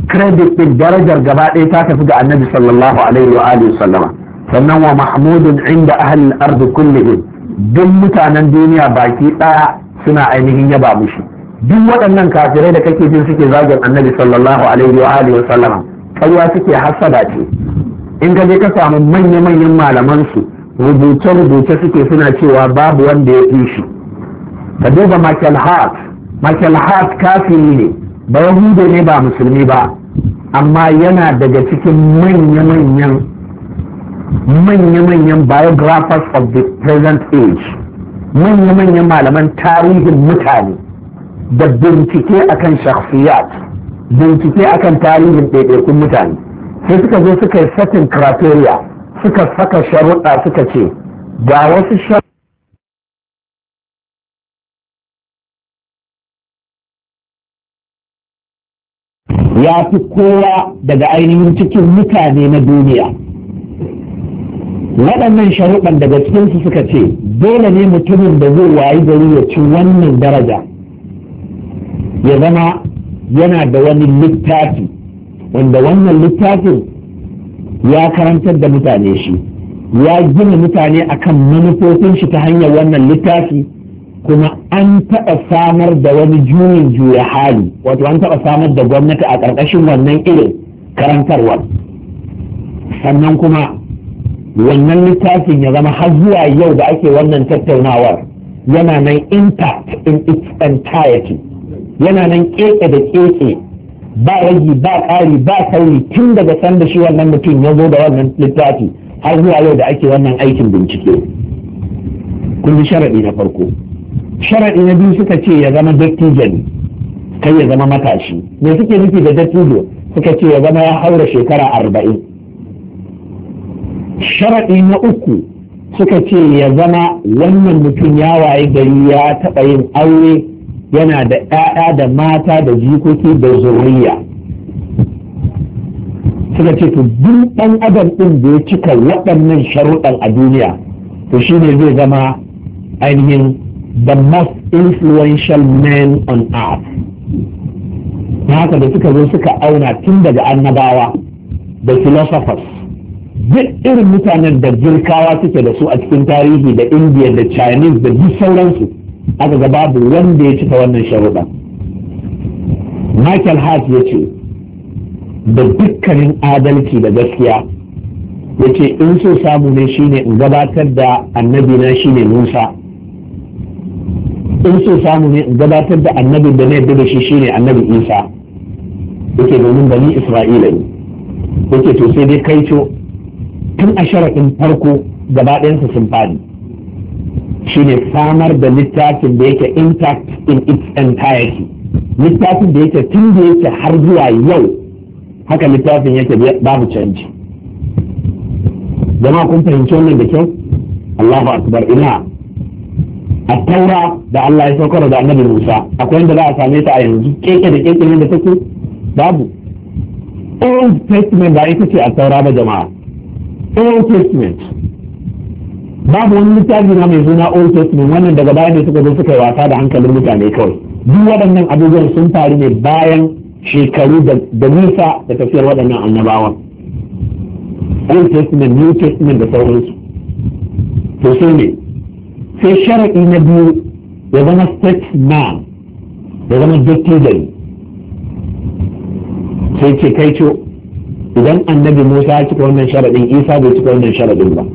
credit din darajar gaba ɗaya ta tafi ga annabi sallallahu alaihi wa alihi sallama sannan wa mahmudun inda ahlul ardi kullihim duk mutanen duniya baki ɗaya suna ainihin yaba mushi duk waɗannan kafirai da kake jin suke zagin annabi sallallahu alaihi wa alihi sallama ƙarya suke hasada ce in ka je ka samu manya-manyan malaman su rubuce-rubuce suke suna cewa babu wanda ya fi shi ka duba Michael Hart Michael Hart kafiri ne ba yahude ne ba musulmi ba amma yana daga cikin manya-manyan manya biographers of the present age manya-manyan malaman tarihin mutane da bincike akan shakhsiyat bincike akan tarihin ɗaiɗaikun mutane sai suka zo suka yi satin criteria suka saka sharuɗa suka ce ga wasu sharuɗa ya fi kowa daga ainihin cikin mutane na duniya waɗannan sharuɗan daga cikinsu suka ce dole ne mutumin da zai wayi gari ya ci wannan daraja ya zama yana da wani littafi wanda wannan littafin ya karantar da mutane shi ya gina mutane akan manufofin shi ta hanyar wannan littafi kuma an taɓa samar da wani juyin juya hali wato an taɓa samar da gwamnati a ƙarƙashin wannan irin karantarwar sannan kuma wannan littafin ya zama har zuwa yau da ake wannan tattaunawar yana nan impact in its entirety yana nan keke da keke ba ragi ba ƙari ba sauri tun daga sanda shi wannan mutum ya zo da wannan littafi har zuwa yau da ake wannan aikin bincike kun ji sharaɗi na farko sharaɗi na biyu suka ce ya zama dattijo kai ya zama matashi me suke nufi da dattijo suka ce ya zama ya haura shekara arba'in sharaɗi na uku suka ce ya zama wannan mutum ya waye gari ya taɓa yin aure yana da ɗaya da mata da jikoki da zuriya suka ce to duk ɗan adam ɗin da ya cika waɗannan sharuɗan a duniya to shi ne zai zama ainihin the most influential men on earth na haka da suka zo suka auna tun daga annabawa da philosophers duk irin mutanen da jirkawa suke da su a cikin tarihi da indiya da chinese da duk sauransu aka ga babu wanda ya cika wannan sharuɗa michael hart ya ce da dukkanin adalci da gaskiya ya ce in so samu ne shine in gabatar da annabi na shine musa in so samu ne in gabatar da annabin da na yadda da shi shine annabi isa yake domin bani isra'ila ne yake to sai dai kai co tun a sharaɗin farko gaba ɗayansa sun fadi shine samar da littafin da yake intact in its entirety littafin da yake tun da yake har zuwa yau haka littafin yake babu canji jama'a kun fahimci wannan da kyau Allahu akbar ina a taura da Allah ya saukar da annabi Musa akwai inda za a same ta a yanzu keke da keke ne da take babu old testament da ita ce a taura ba jama'a old testament babu wani littafi na mai suna old testament wannan daga baya ne suka zo suka yi wasa da hankalin mutane kawai duk waɗannan abubuwan sun faru ne bayan shekaru da nisa da tafiyar waɗannan annabawan old testament new testament da sauransu to sai ne sai shara'i na biyu ya zama state man ya zama dattijan sai ce kai ce idan annabi musa ya cika wannan sharaɗin isa bai cika wannan sharaɗin ba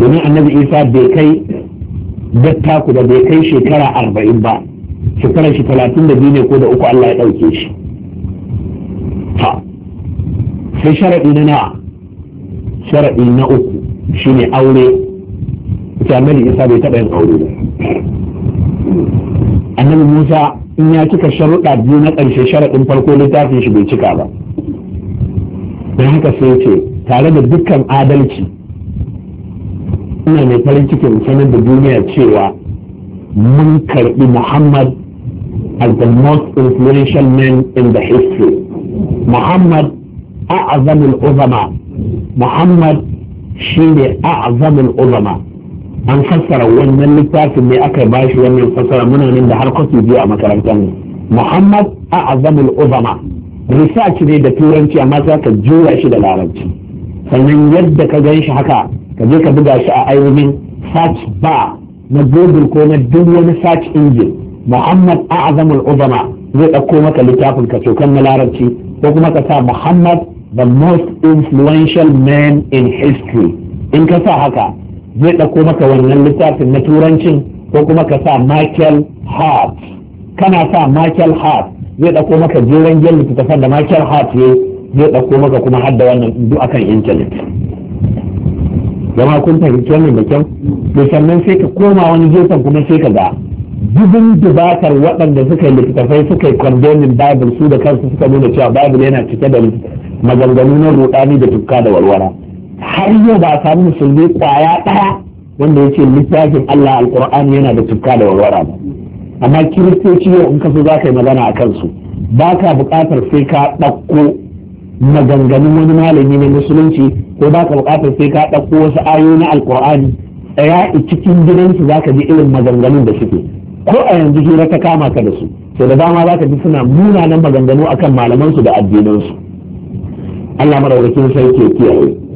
domin annabi isa bai kai dattaku da bai kai shekara arba'in ba shekarar shi talatin da biyu ne ko da uku allah ya ɗauke shi sai sharaɗi na na sharaɗi na uku shine aure ce annabi isa bai taɓa yin aure ba annabi musa in ya cika sharuɗa biyu na ƙarshe sharaɗin farko littafin shi bai cika ba don haka sai ce tare da dukkan adalci ina mai farin cikin sanar da duniya cewa mun karɓi muhammad as the most influential man in the history muhammad a'azamul uzama muhammad shi ne a'azamul uzama an fassara wannan littafin ne aka ba shi wannan fassara muna nan da har kwasu biyu a makarantar muhammad a azamul uzama research ne da turanci amma za ka jura shi da larabci sannan yadda ka gan shi haka ka je ka buga shi a ainihin search bar na google ko na duk wani search engine muhammad a azamul uzama zai ɗauko maka littafin ka cokan na larabci ko kuma ka sa muhammad the most influential man in history in ka sa haka zai ɗauko maka wannan littafin na turancin ko kuma ka sa Michael Hart kana sa Michael Hart zai ɗauko maka jeren littattafan da Michael Hart ya zai ɗauko maka kuma hadda wannan duk akan intanet jama kun fahimci wannan da kyau to sannan sai ka koma wani gefen kuma sai ka ga dubin dubatar waɗanda suka yi littattafai suka yi condemning bible su da kansu suka nuna cewa bible yana cike da maganganu na rudani da tukka da walwala har yau ba a samu musulmi kwaya ɗaya wanda ya littafin Allah alƙur'ani yana da tukka da warwara ba amma kiristoci yau in ka so za ka yi magana a kansu ba ka buƙatar sai ka ɗauko maganganun wani malami na musulunci ko ba ka buƙatar sai ka ɗauko wasu ayoyi na alƙur'ani tsaya cikin gidansu za ka ji irin maganganun da suke ko a yanzu hira ta kama ka da su to da dama za ka ji suna munanan maganganu akan malamansu da addinansu Allah maraukakin sarki ya kiyaye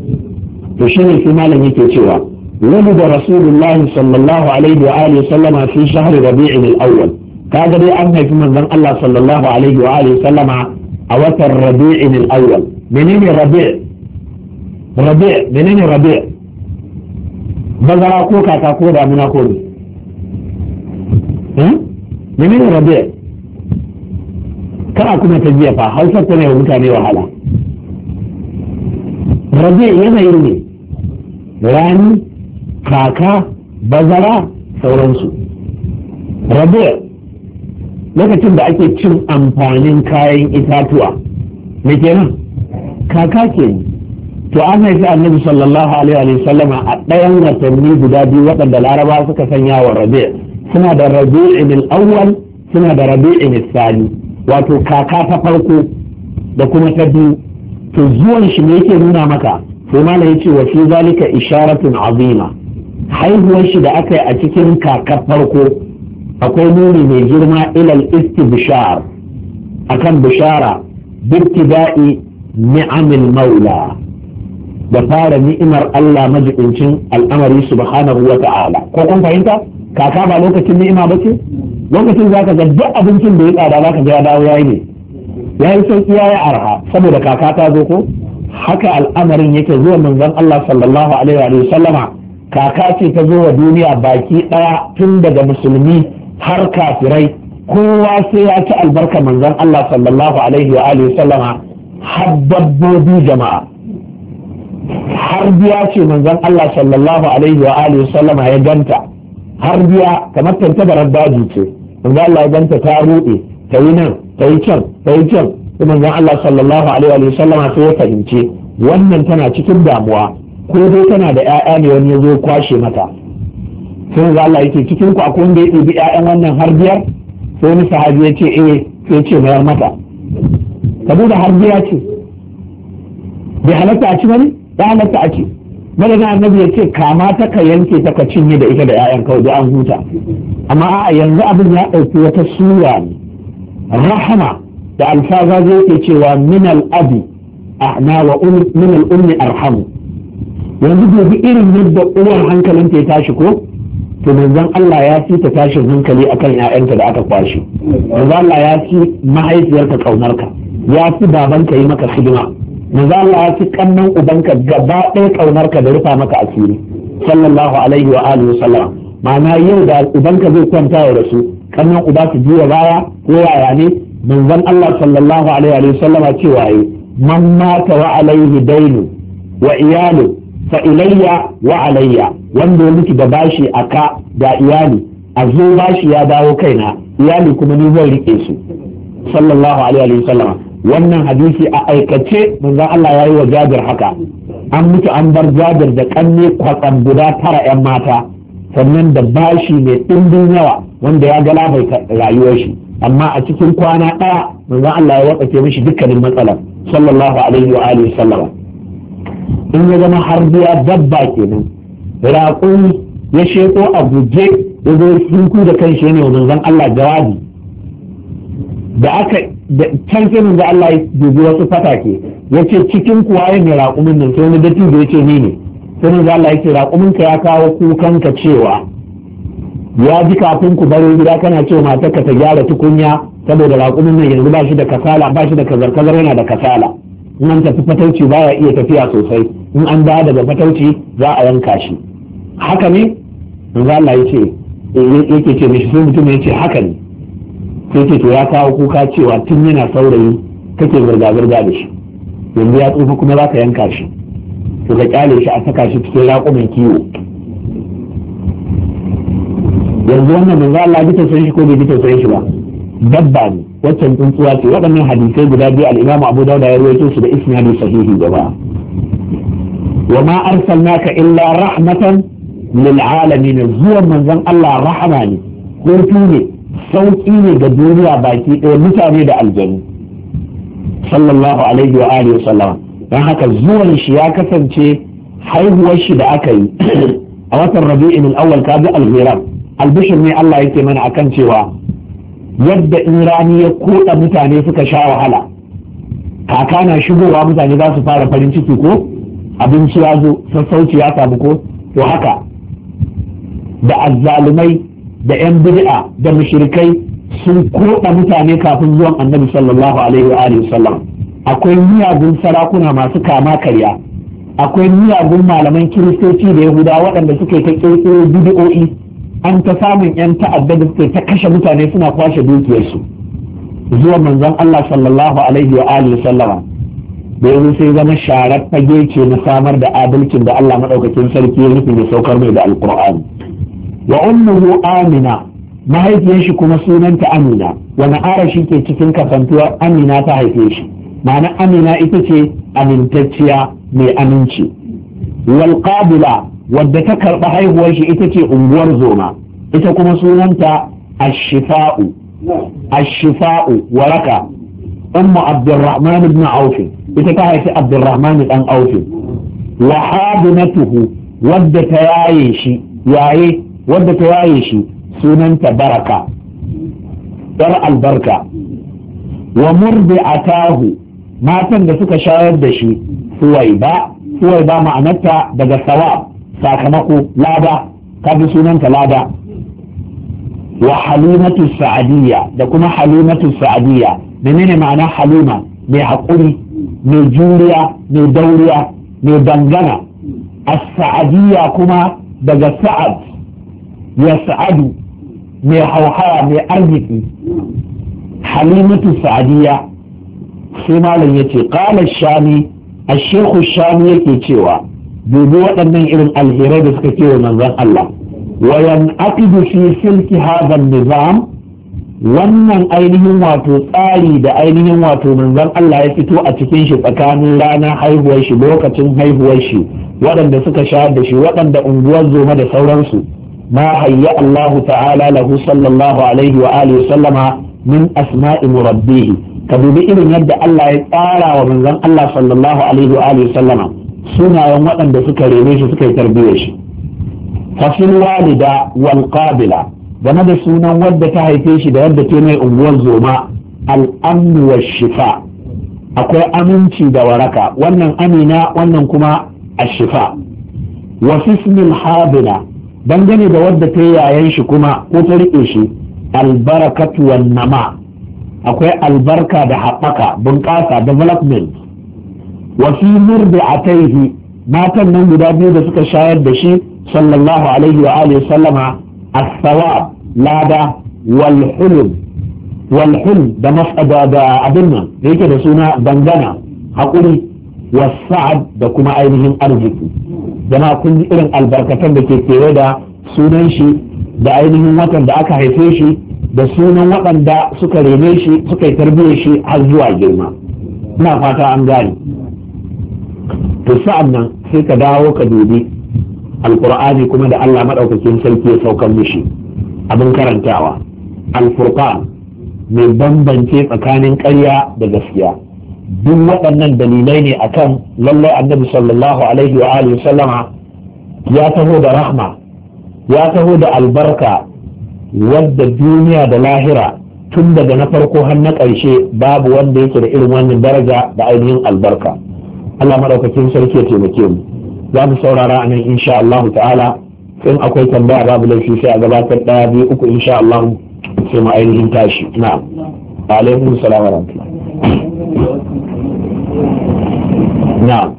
to shine sai malam yake cewa ولد رسول الله صلى الله عليه وآله وسلم في شهر ربيع الأول kaga dai an haifi manzon Allah sallallahu alaihi wa alihi sallama a watan Rabi'in al-Awwal menene Rabi' Rabi' menene Rabi' bazara ko kaka ko damuna ko ne eh menene Rabi' kana kuma ta jiya fa Hausa ta ne wa mutane wahala rabe yanayin ne rani kaka bazara sauransu rabe lokacin da ake cin amfanin kayan itatuwa me kenan kaka kenan to an haifi annabi sallallahu alaihi wa sallama a ɗayan watanni guda biyu waɗanda laraba suka sanya wa rabe suna da rabe inil awwal suna da rabe inil sani wato kaka ta farko da kuma ta biyu to zuwan shi ne yake nuna maka sai malam yace wa fi zalika isharatun azima haihuwar shi da aka yi a cikin kakar farko akwai nuni mai girma ilal istibshar akan bishara bibtida'i ni'amil maula da fara ni'imar Allah majibincin al'amari subhanahu wa ta'ala ko kun fahimta kaka ba lokacin ni'ima bace lokacin zaka ga duk abincin da ya tsada zaka ga ya dawo yayi ne ya yi sauki ya yi arha saboda kaka ta zo ko haka al'amarin yake zuwa manzon Allah sallallahu alaihi wa sallama kaka ce ta zo wa duniya baki daya tun daga musulmi har kafirai kowa sai ya ci albarka manzon Allah sallallahu alaihi wa sallama har dabbobi jama'a har biya ce manzon Allah sallallahu alaihi wa sallama ya ganta har biya kamar tantabarar daji ce manzon Allah ya ganta ta ruɗe ta yi nan kai can kai can kuma manzon Allah sallallahu alaihi wa sallam sai ya fahimce wannan tana cikin damuwa ko dai tana da ƴaƴa ne wani ya zo kwashe mata sai manzon Allah yake cikin ku akwai wanda ya ɗibi ƴaƴan wannan har biyar sai wani sahabi ya ce eh sai ce mayar mata saboda har biya ce bai halatta a ci bane ya halatta a ci madadin annabi ya ce kama ta ka yanke ta ka cinye da ita da ƴaƴan kawai an huta amma a yanzu abin ya ɗauki wata sura ne rahama da alfaza zai yake cewa min al'abi na wa um, min al'ummi arhamu yanzu gobe irin yadda uwar hankalinta ya tashi ko to manzon Allah ya fi ta tashin hankali akan ƴaƴanta da aka kwashe. manzon Allah ya fi mahaifiyarka kaunarka ya fi babanka yi maka hidima manzon Allah ya fi kannan ubanka gaba ɗaya kaunarka da rufa maka asiri sallallahu alaihi wa alihi wa sallam ma'ana yau da ubanka zai kwanta ya rasu kannan uba su juya baya ko yaya ne manzon Allah sallallahu alaihi wa sallama cewa yi man mata wa alaihi dainu wa iyalu fa ilayya wa alayya wanda ya mutu da bashi a ka da iyali a zo bashi ya dawo kaina iyali kuma ni zan rike su sallallahu alaihi wa sallama wannan hadisi a aikace manzon Allah ya yi wa Jabir haka an mutu an bar Jabir da kanne kwatsam guda tara 'yan mata sannan da bashi mai ɗimbin yawa wanda ya gala galabaita rayuwar shi amma a cikin kwana ɗaya manzon Allah ya watsake mishi dukkanin matsalar sallallahu alaihi wa alihi sallama in ya zama har biya dabba kenan raƙon ya sheko a guje ya zo sunku da kanshi yana manzon Allah jawabi da aka can sai manzon Allah ya dubi wasu fatake ya cikin kuwa ya mai raƙumin nan sai wani dattijo ya ce ni ne sai manzon Allah ya ce raƙumin ka ya kawo kukan ka cewa ya ji kafin ku baro gida kana ce matarka ta gyara tukunya saboda raƙumin nan yanzu ba shi da kasala ba shi da kazar-kazar yana da kasala in an tafi fatauci ya iya tafiya sosai in an dawo daga fatauci za a yanka shi haka ne manzo Allah eh, ya yake ce mishi sai mutum ya ce haka ne sai ce to ya kawo kuka cewa tun yana saurayi kake zirga-zirga da shi yanzu ya tsufa kuma za ka yanka shi to ka kyale shi a saka shi cikin raƙumin kiwo yanzu wannan manzo Allah bi tausayin shi ko bai bi tausayin shi ba dabba ne waccan tsuntsuwa ce waɗannan hadisai guda biyu al-Imam Abu Dawud ya rawaito su da isnadi sahihi gaba wa ma arsalnaka illa rahmatan lil alamin zuwan manzon Allah rahama ne hutu ne sauki ne ga duniya baki ɗaya mutane da aljanu sallallahu alaihi wa alihi sallam dan haka zuwan shi ya kasance haihuwar shi da aka yi a watan rabi'in al-awwal kabi al-hiram albishir ne Allah yake mana a kan cewa yadda in rani ya koda mutane suka sha wahala kaka na shigowa mutane za su fara farin ciki ko abinci ya zo sassauci ya samu ko to haka da azzalumai da 'yan bid'a da mushrikai sun koda mutane kafin zuwan annabi sallallahu alaihi wa alihi sallam akwai miyagun sarakuna masu kama karya akwai miyagun malaman kiristoci da yahuda waɗanda suke ta kirkiro bid'o'i an ta samun yan ta'adda da suke ta kashe mutane suna kwashe dukiyarsu zuwa manzon Allah sallallahu alaihi wa alihi sallama da yanzu sai zama sharar fage ce na samar da adalcin da Allah madaukakin sarki ya nufi da saukar mai da alkur'ani wa ummuhu amina mahaifiyar shi kuma sunanta amina wani ara shi ke cikin kasantuwar amina ta haife shi ma'ana amina ita ce amintacciya mai aminci wal qabila wadda ta karɓi haihuwar shi ita ce unguwar zoma ita kuma sunanta ashifa'u ashifa'u waraka ummu abdurrahman ibn auf ita ta haifi abdurrahman dan auf wa hadinatuhu wadda ta yaye shi yaye wadda ta yaye shi sunanta baraka dar albarka wa murdi'atahu matan da suka shayar da shi suwaiba suwaiba ma'anarta daga sawab sakamako lada ka bi sunanta lada wa halimatu sa'adiyya da kuma halimatu sa'adiyya menene ma'ana halima mai haƙuri mai juriya mai dauriya mai dangana as-sa'adiyya kuma daga sa'ad ya sa'adu mai hauhawa mai arziki halimatu sa'adiyya sai malam yace qala shami الشيخ الشامي shami yake dubi waɗannan irin alherai da suka kewa manzan Allah wayan yanqidu fi silki hadha nizam wannan ainihin wato tsari da ainihin wato manzon Allah ya fito a cikin shi tsakanin ranar haihuwar shi lokacin haihuwar shi waɗanda suka sha da shi waɗanda unguwar zoma da sauransu ma hayya Allahu ta'ala lahu sallallahu alaihi wa alihi sallama min asma'i murabbihi ka dubi irin yadda Allah ya tsara wa manzon Allah sallallahu alaihi wa alihi sallama sunayen waɗanda suka rene shi suka yi tarbiyyar shi fasil walida wal qabila game da sunan wadda ta haife shi da wadda ke mai unguwar zoma al'amnu wa shifa akwai aminci da waraka wannan amina wannan kuma ashifa wa fismil habila dangane da wadda ta yayan shi kuma ko ta riƙe shi albarakatu wan nama akwai albarka da haɓaka bunƙasa development wa fi murdi'ataihi matan nan guda biyu da suka shayar da shi sallallahu alaihi wa alihi sallama as-sawab lada wal hulm wal hulm da masada da abin nan da yake da suna dangana hakuri wa sa'ad da kuma ainihin arziki jama'a kun ji irin albarkatan da ke kewa da sunan shi da ainihin watan da aka haife shi da sunan waɗanda suka rene shi suka yi tarbiyyar shi har zuwa girma ina fata an gani. to sa'an nan sai ka dawo ka dubi alqur'ani kuma da Allah madaukakin sarki ya saukar mishi abin karantawa alfurqan mai bambance tsakanin ƙarya da gaskiya duk waɗannan dalilai ne akan lallai annabi sallallahu alaihi wa alihi sallama ya taho da rahma ya taho da albarka wadda duniya da lahira tun daga na farko har na ƙarshe babu wanda yake da irin wannan daraja da ainihin albarka Allah madaukakin sarki ya taimake mu za mu saurara a nan insha Allah ta'ala in akwai tambaya babu laifi sai a gabatar daya biyu uku insha Allah sai mu ainihin tashi na'am alaikum salam wa rahmatullah na'am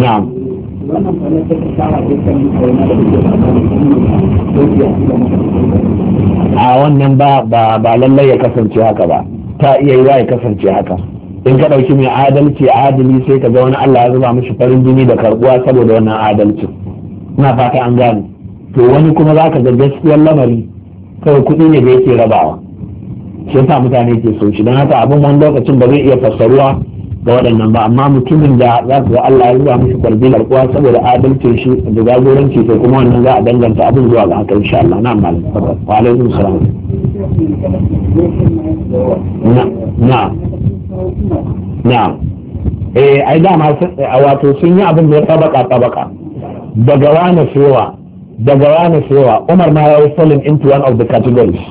na'am wannan kuma ta a wannan ba ba ba lallai ya kasance haka ba ta iya yi ya kasance haka in ka ɗauki mai adalci a adali sai ka ga wani Allah ya zuba mashi farin jini da karbuwa saboda wannan adalcin ina fata an gane to wani kuma za ka ga gaskiyar lamari kawai kuɗi ne da yake rabawa shi yasa mutane ke so shi don haka abin wani lokacin ba zai iya fassaruwa ga waɗannan ba amma mutumin da za su Allah ya zuwa musu kwalbi garkuwa saboda adalcin shi da jagoranci to kuma wannan za a danganta abin zuwa ga haka insha Allah na malam wa alaikum salam na na eh ai dama wato sun yi abin da ya tabaka tabaka daga wani sewa daga wani sewa Umar ma ya yi falling into one of the categories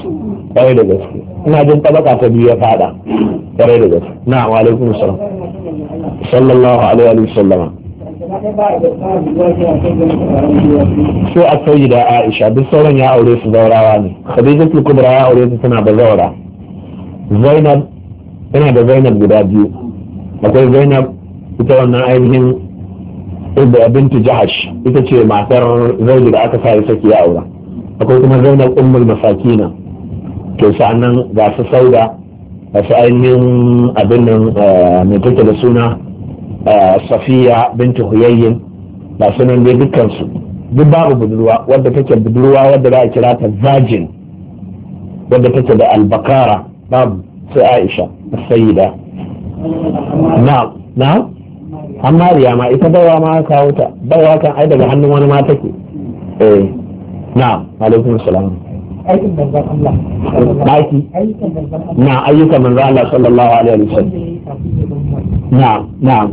kwarai da gaske ina jin tabaka ta biyu ya fada kwarai da gaske na wa alaikum salam sallallahu alaihi wa sallama so a sauyi da aisha duk sauran ya aure su zaurawa ne khadija kubra ya aure su suna da zaura zainab tana da zainab guda biyu akwai zainab ita wannan ainihin ibda bintu jahash ita ce matar zauji da aka sa saki ya aura akwai kuma zainab ummul masakina to sa'annan ga su sauda ga su ainihin abin nan eh, mai take da suna safiya bintu huyayyin ba sunan ne dukkansu duk babu budurwa wadda take budurwa wadda za a kira ta virgin wadda take da albakara babu sai aisha sayida na na an hammariya ma ita bawa ma kawo ta bawa kan ai daga hannun wani ma take eh na alaikum salam aikin na ayyukan manzon Allah sallallahu alaihi wasallam na na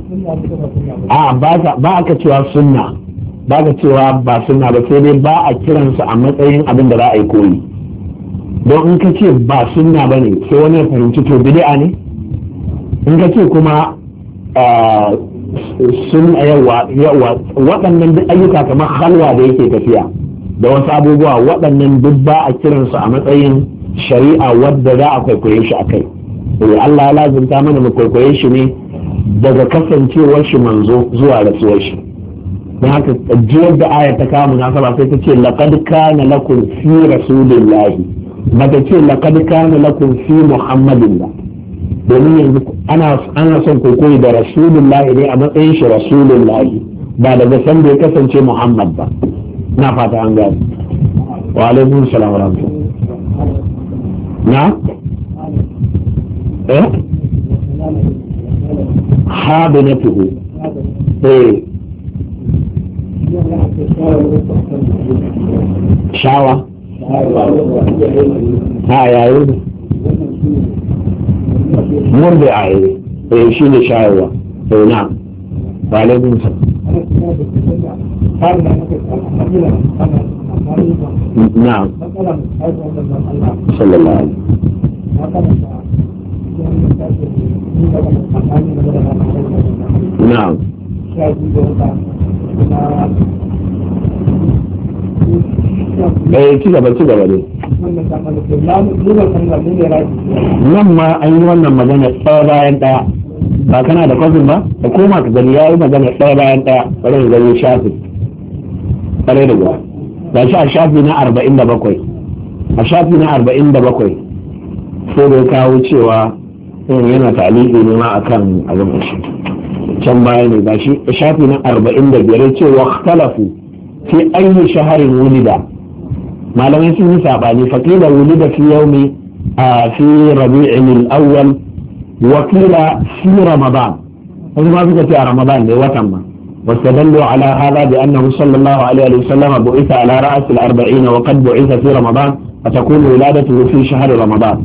a ba cewa sunna ba ka cewa ba sunna ba sai dai ba a kiransu a matsayin abin da za a yi koyi don in ka ce ba sunna ba ne sai wani fahimci to bid'a ne in ka ce kuma sun yawa waɗannan duk ayyuka kamar halwa da yake tafiya da wasu abubuwa waɗannan duk ba a kiransu a matsayin shari'a wadda za a kwaikwaye shi a kai eh Allah ya lazumta mana mu kwaikwaye shi ne daga kasancewar shi manzo zuwa rasuwar shi don haka jiyar da aya ta kama munasaba sai ta ce laqad kana lakum fi rasulillahi ba ta ce laqad kana lakum fi muhammadillah domin yanzu ana ana son kwaikwaye da rasulillah ne a matsayin shi rasulillah ba daga san da ya kasance muhammad ba na fata an gani wa alaikum salam wa rahmatullah na eh habinatuhu eh shawa ha yayi murbi a yi eh shi ne shayarwa eh na ba laifin sa na sallallahu alaihi na'am eh, ci gaba ci gaba dai nan ma an yi wannan magana ɗaya bayan ɗaya ba kana da kwafin ba da koma ka gani ya yi magana ɗaya bayan ɗaya ƙwarai zai gani shafi ƙwarai da gwa ba shi a shafi na arba'in da bakwai a shafi na arba'in da bakwai sai da ya kawo cewa yana ta'aliki ne ma akan abin shi can baya ne ba shi shafi na arba'in da biyar ce wa talafu fi ayyi shaharin wulida malamai sun yi sabani faqila wulida fi yawmi fi rabi'in al-awwal wa qila fi ramadan wasu ma suka ce a ramadan ne watan ma واستدلوا على هذا بأنه صلى الله عليه وسلم بعث على رأس الأربعين وقد بعث في رمضان فتكون ولادته في شهر رمضان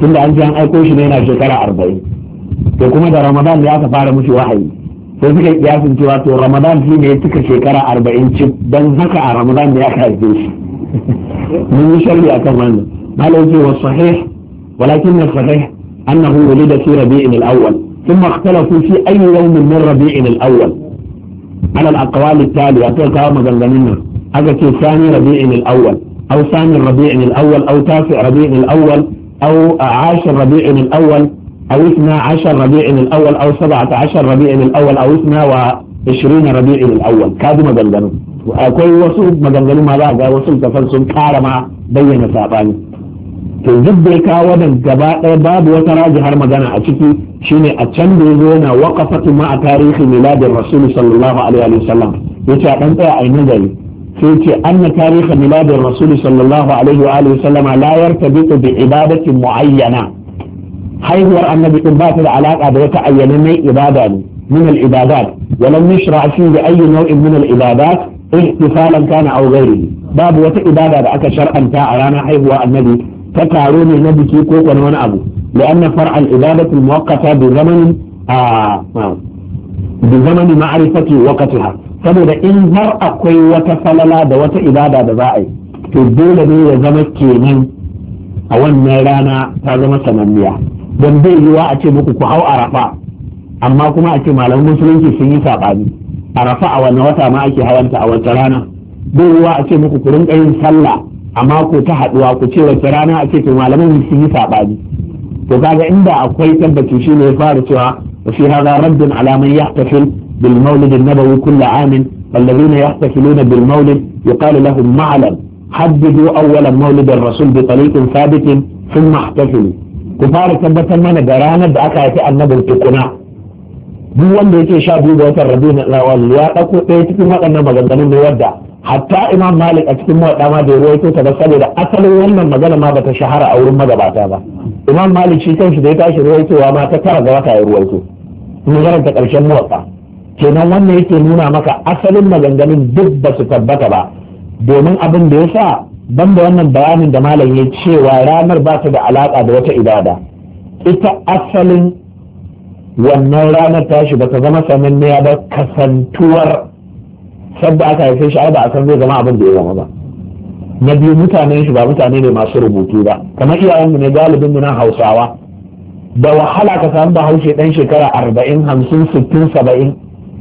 tunda an ji an aiko shi ne yana shekara arba'in to kuma da ramadan ne aka fara mushi wahayi sai suka yi kiyasin cewa to ramadan shi ne cika shekara arba'in cif don haka a ramadan ne aka haife shi mun yi sharri a kan wannan malam ce wa sahih walakin na sahih annahu wulida fi rabi'in al-awwal ثم اختلفوا في اي يوم من ربيع الاول على الاقوال التاليه اتوقع مغنغنين هذا ثاني ربيع الاول او ثاني ربيع الاول او تاسع ربيع الاول او عاشر ربيع الاول او اثنى عشر ربيع الاول او سبعة عشر ربيع الاول او اثنى وعشرين ربيع الاول كادو مجنجنو وكل وصول مجنجنو ما بقى وصول تفلسل قال مع بيّن ساباني تزد الكاوضا جباء باب وتراجع المجانا أشكي شيني أتشنبه هنا وقفت مع تاريخ ميلاد الرسول صلى الله عليه وسلم يتعلم تأعي نجري سيتي أن تاريخ ميلاد الرسول صلى الله عليه وآله وسلم لا يرتبط بعبادة معينة حيث النبي بات العلاقة بيتعين عبادة من العبادات ولم يشرع فيه بأي نوع من العبادات احتفالا كان أو غيره باب عبادة بأك شرعا تعالى حيث النبي تكاروني النبي في كوكا وانا أبو لأن فرع العبادة المؤقتة بزمن آه بزمن معرفة وقتها saboda in har akwai wata falala da wata ibada da za a yi to dole ne ya zama kenan a wannan rana ta zama sananniya don bai yiwa a ce muku ku hau arafa amma kuma a ce malamin musulunci sun yi saɓani arafa a wannan wata ma ake hawanta a wata rana bai yiwa a ce muku ku rinka yin sallah amma mako ta haɗuwa ku ce wata rana a ce to malamin sun yi saɓani to kaga inda akwai tabbaci shi ne ya fara cewa fi hada raddun alaman yahtafil بالمولد النبوي كل عام الذين يحتفلون بالمولد يقال لهم معلم حددوا اولا مولد الرسول بطريق ثابت ثم احتفلوا كفار تبتا من جراند اكايت النبو تكنا بو وان دي تشا بو بوتا ربينا الوالي واتكو تيتكو مغنى مغنى مغنى حتى امام مالك اتكو مغنى ما دي رويتو تبسل الى اصل وان مغنى ما بتشهر او رمى دباتا امام مالك شيطان شديتا شرويتو وما تترى غواتا يرويتو مغنى تقرشن موطا kenan wannan yake nuna maka asalin maganganun duk ba su tabbata ba domin abin da ya sa ban da wannan bayanin da malam ya cewa ranar ba ta da alaƙa da wata ibada ita asalin wannan ranar tashi ba ta zama sananniya ba kasantuwar sabda aka haife shi ai ba a san zai zama abin da ya zama ba na biyu mutanen shi ba mutane ne masu rubutu ba kamar mu ne galibin mu na hausawa da wahala ka samu bahaushe dan shekara arba'in hamsin sittin saba'in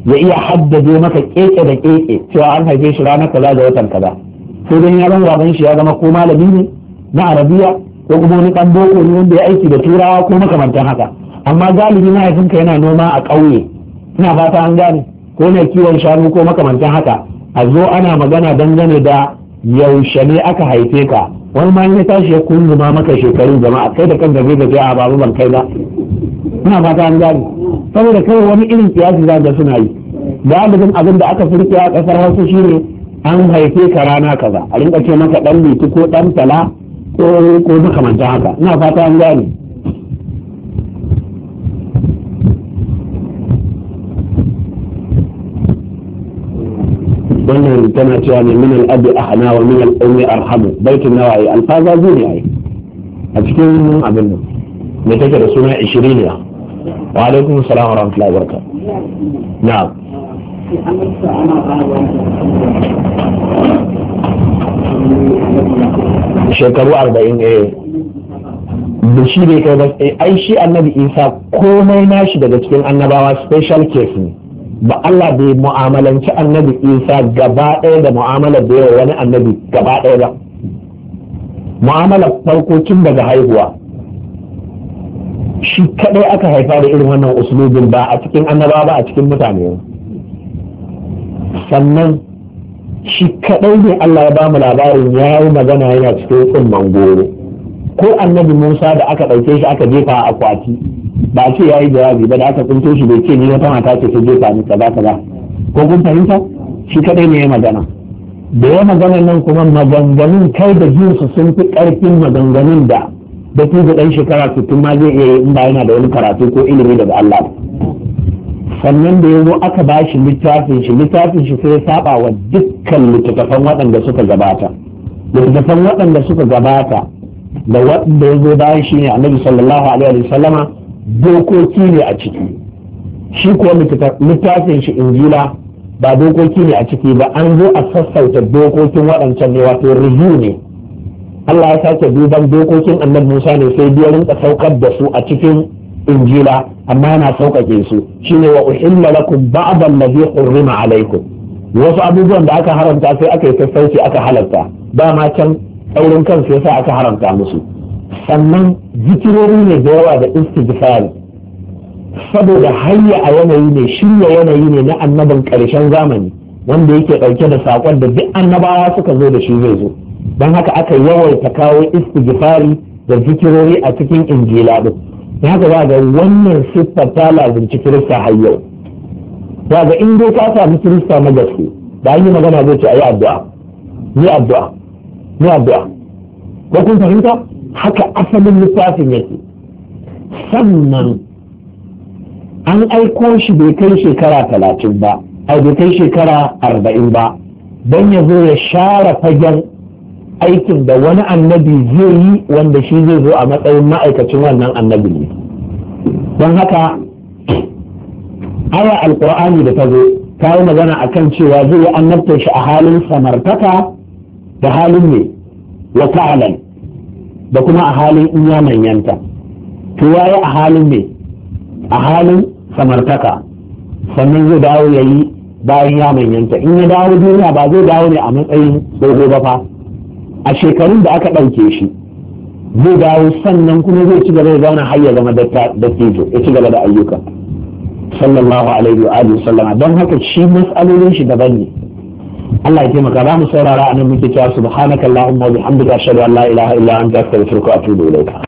ya iya haddade maka keke da keke cewa an haife shi ranar kaza da watan kaza ko dan ya zama baban shi ya zama ko malami ne na arabiya ko kuma wani dan boko ne wanda ya aiki da turawa ko makamantan haka amma galibi na mahaifinka yana noma a ƙauye ina fata an gane ko na kiwon shanu ko makamantan haka a zo ana magana dangane da yaushe ne aka haife ka wani ma ya tashi ya kunzuma maka shekaru jama'a kai da kan zai gaje a babu ban kai ba ina fata an gane saboda kai wani irin kiyasi za ga suna yi galibin abin da aka furta a kasar hausa shine an haife ka rana kaza a rinka ce maka dan liti ko dan tala ko ko makamantan haka ina fata an gane wannan tana cewa ne min al-abi ahna wa min al-ummi arhamu baitin nawa'i alfaza ai a cikin abin nan me take da suna 20 ne wa alaikum salam wa rahmatullahi wa shekaru arba'in eh da shi bai kai ba eh, ai shi annabi isa komai nashi daga cikin annabawa special case ne ba Allah bai mu'amalanci annabi isa gaba ɗaya da mu'amalar da yawa wani annabi gaba ɗaya ba mu'amalar farko tun daga haihuwa shi kadai aka haifa da irin wannan uslubin ba a cikin annaba ba a cikin mutane sannan shi kadai ne Allah ya ba mu labarin ya yi magana yana cikin tsumman goro ko annabi Musa da aka ɗauke shi aka jefa a akwati ba a ce ya yi jawabi ba da aka tsinto shi bai ce ni wata mata ce ta jefa ni kaza kaza ko kun fahimta shi kadai ne ya magana da ya magana nan kuma maganganun kai da jinsu sun fi ƙarfin maganganun da da tuzu ɗan shekara sittin ma zai iya yi in ba yana da wani karatu ko ilimi daga Allah sannan da ya zo aka ba shi littafin shi littafin shi sai saba wa dukkan littattafan waɗanda suka gabata littattafan waɗanda suka gabata da waɗanda ya zo bayan shi ne annabi sallallahu alaihi wa sallama dokoki ne a ciki shi ko littafin shi injila ba dokoki ne a ciki ba an zo a sassauta dokokin waɗancan ne wato review ne Allah ya sake duban dokokin annabi Musa ne sai biya rinka saukar da su a cikin injila amma yana sauƙaƙe su shine wa uhilla lakum ba'd allazi hurrima alaikum wasu abubuwan da aka haramta sai aka yi sassauci aka halarta dama can tsaurin kansu sa aka haramta musu sannan zikirori ne da yawa da istighfar saboda hayya a yanayi ne shirya yanayi ne na annabin ƙarshen zamani wanda yake ɗauke da saƙon da duk annabawa suka zo da shi zai zo don haka aka yawaita kawo istighfari da zikirori a cikin injila din haka za ga wannan siffar ta lazimci kirista har yau za ga in dai ka samu kirista na gaske da an yi magana zai ce a yi addu'a ni addu'a ni addu'a ko kun fahimta haka asalin littafin yake sannan an aiko shi bai kai shekara talatin ba a bai kai shekara arba'in ba don ya zo ya share fagen aikin da wani annabi zai yi wanda shi zai zo a matsayin ma'aikacin wannan annabi ne don haka aya alkur'ani da ta zo ta yi magana a kan cewa zai yi annabta shi a halin samartaka da halin ne wa ta'alan da kuma a halin in ya manyanta to waye a halin ne a halin samartaka sannan zai dawo ya yi bayan ya manyanta in ya dawo duniya ba zai dawo ne a matsayin tsoho ba fa a shekarun da aka ɗauke shi zai dawo sannan kuma zai ci gaba da zauna har ya zama dattijo ya ci gaba da ayyuka sallallahu alaihi wa alihi sallama don haka shi mas'alolin shi daban ne Allah ya taimaka za mu saurara anan muke cewa subhanakallahumma wa bihamdika ashhadu an la ilaha illa anta astaghfiruka wa atubu ilayk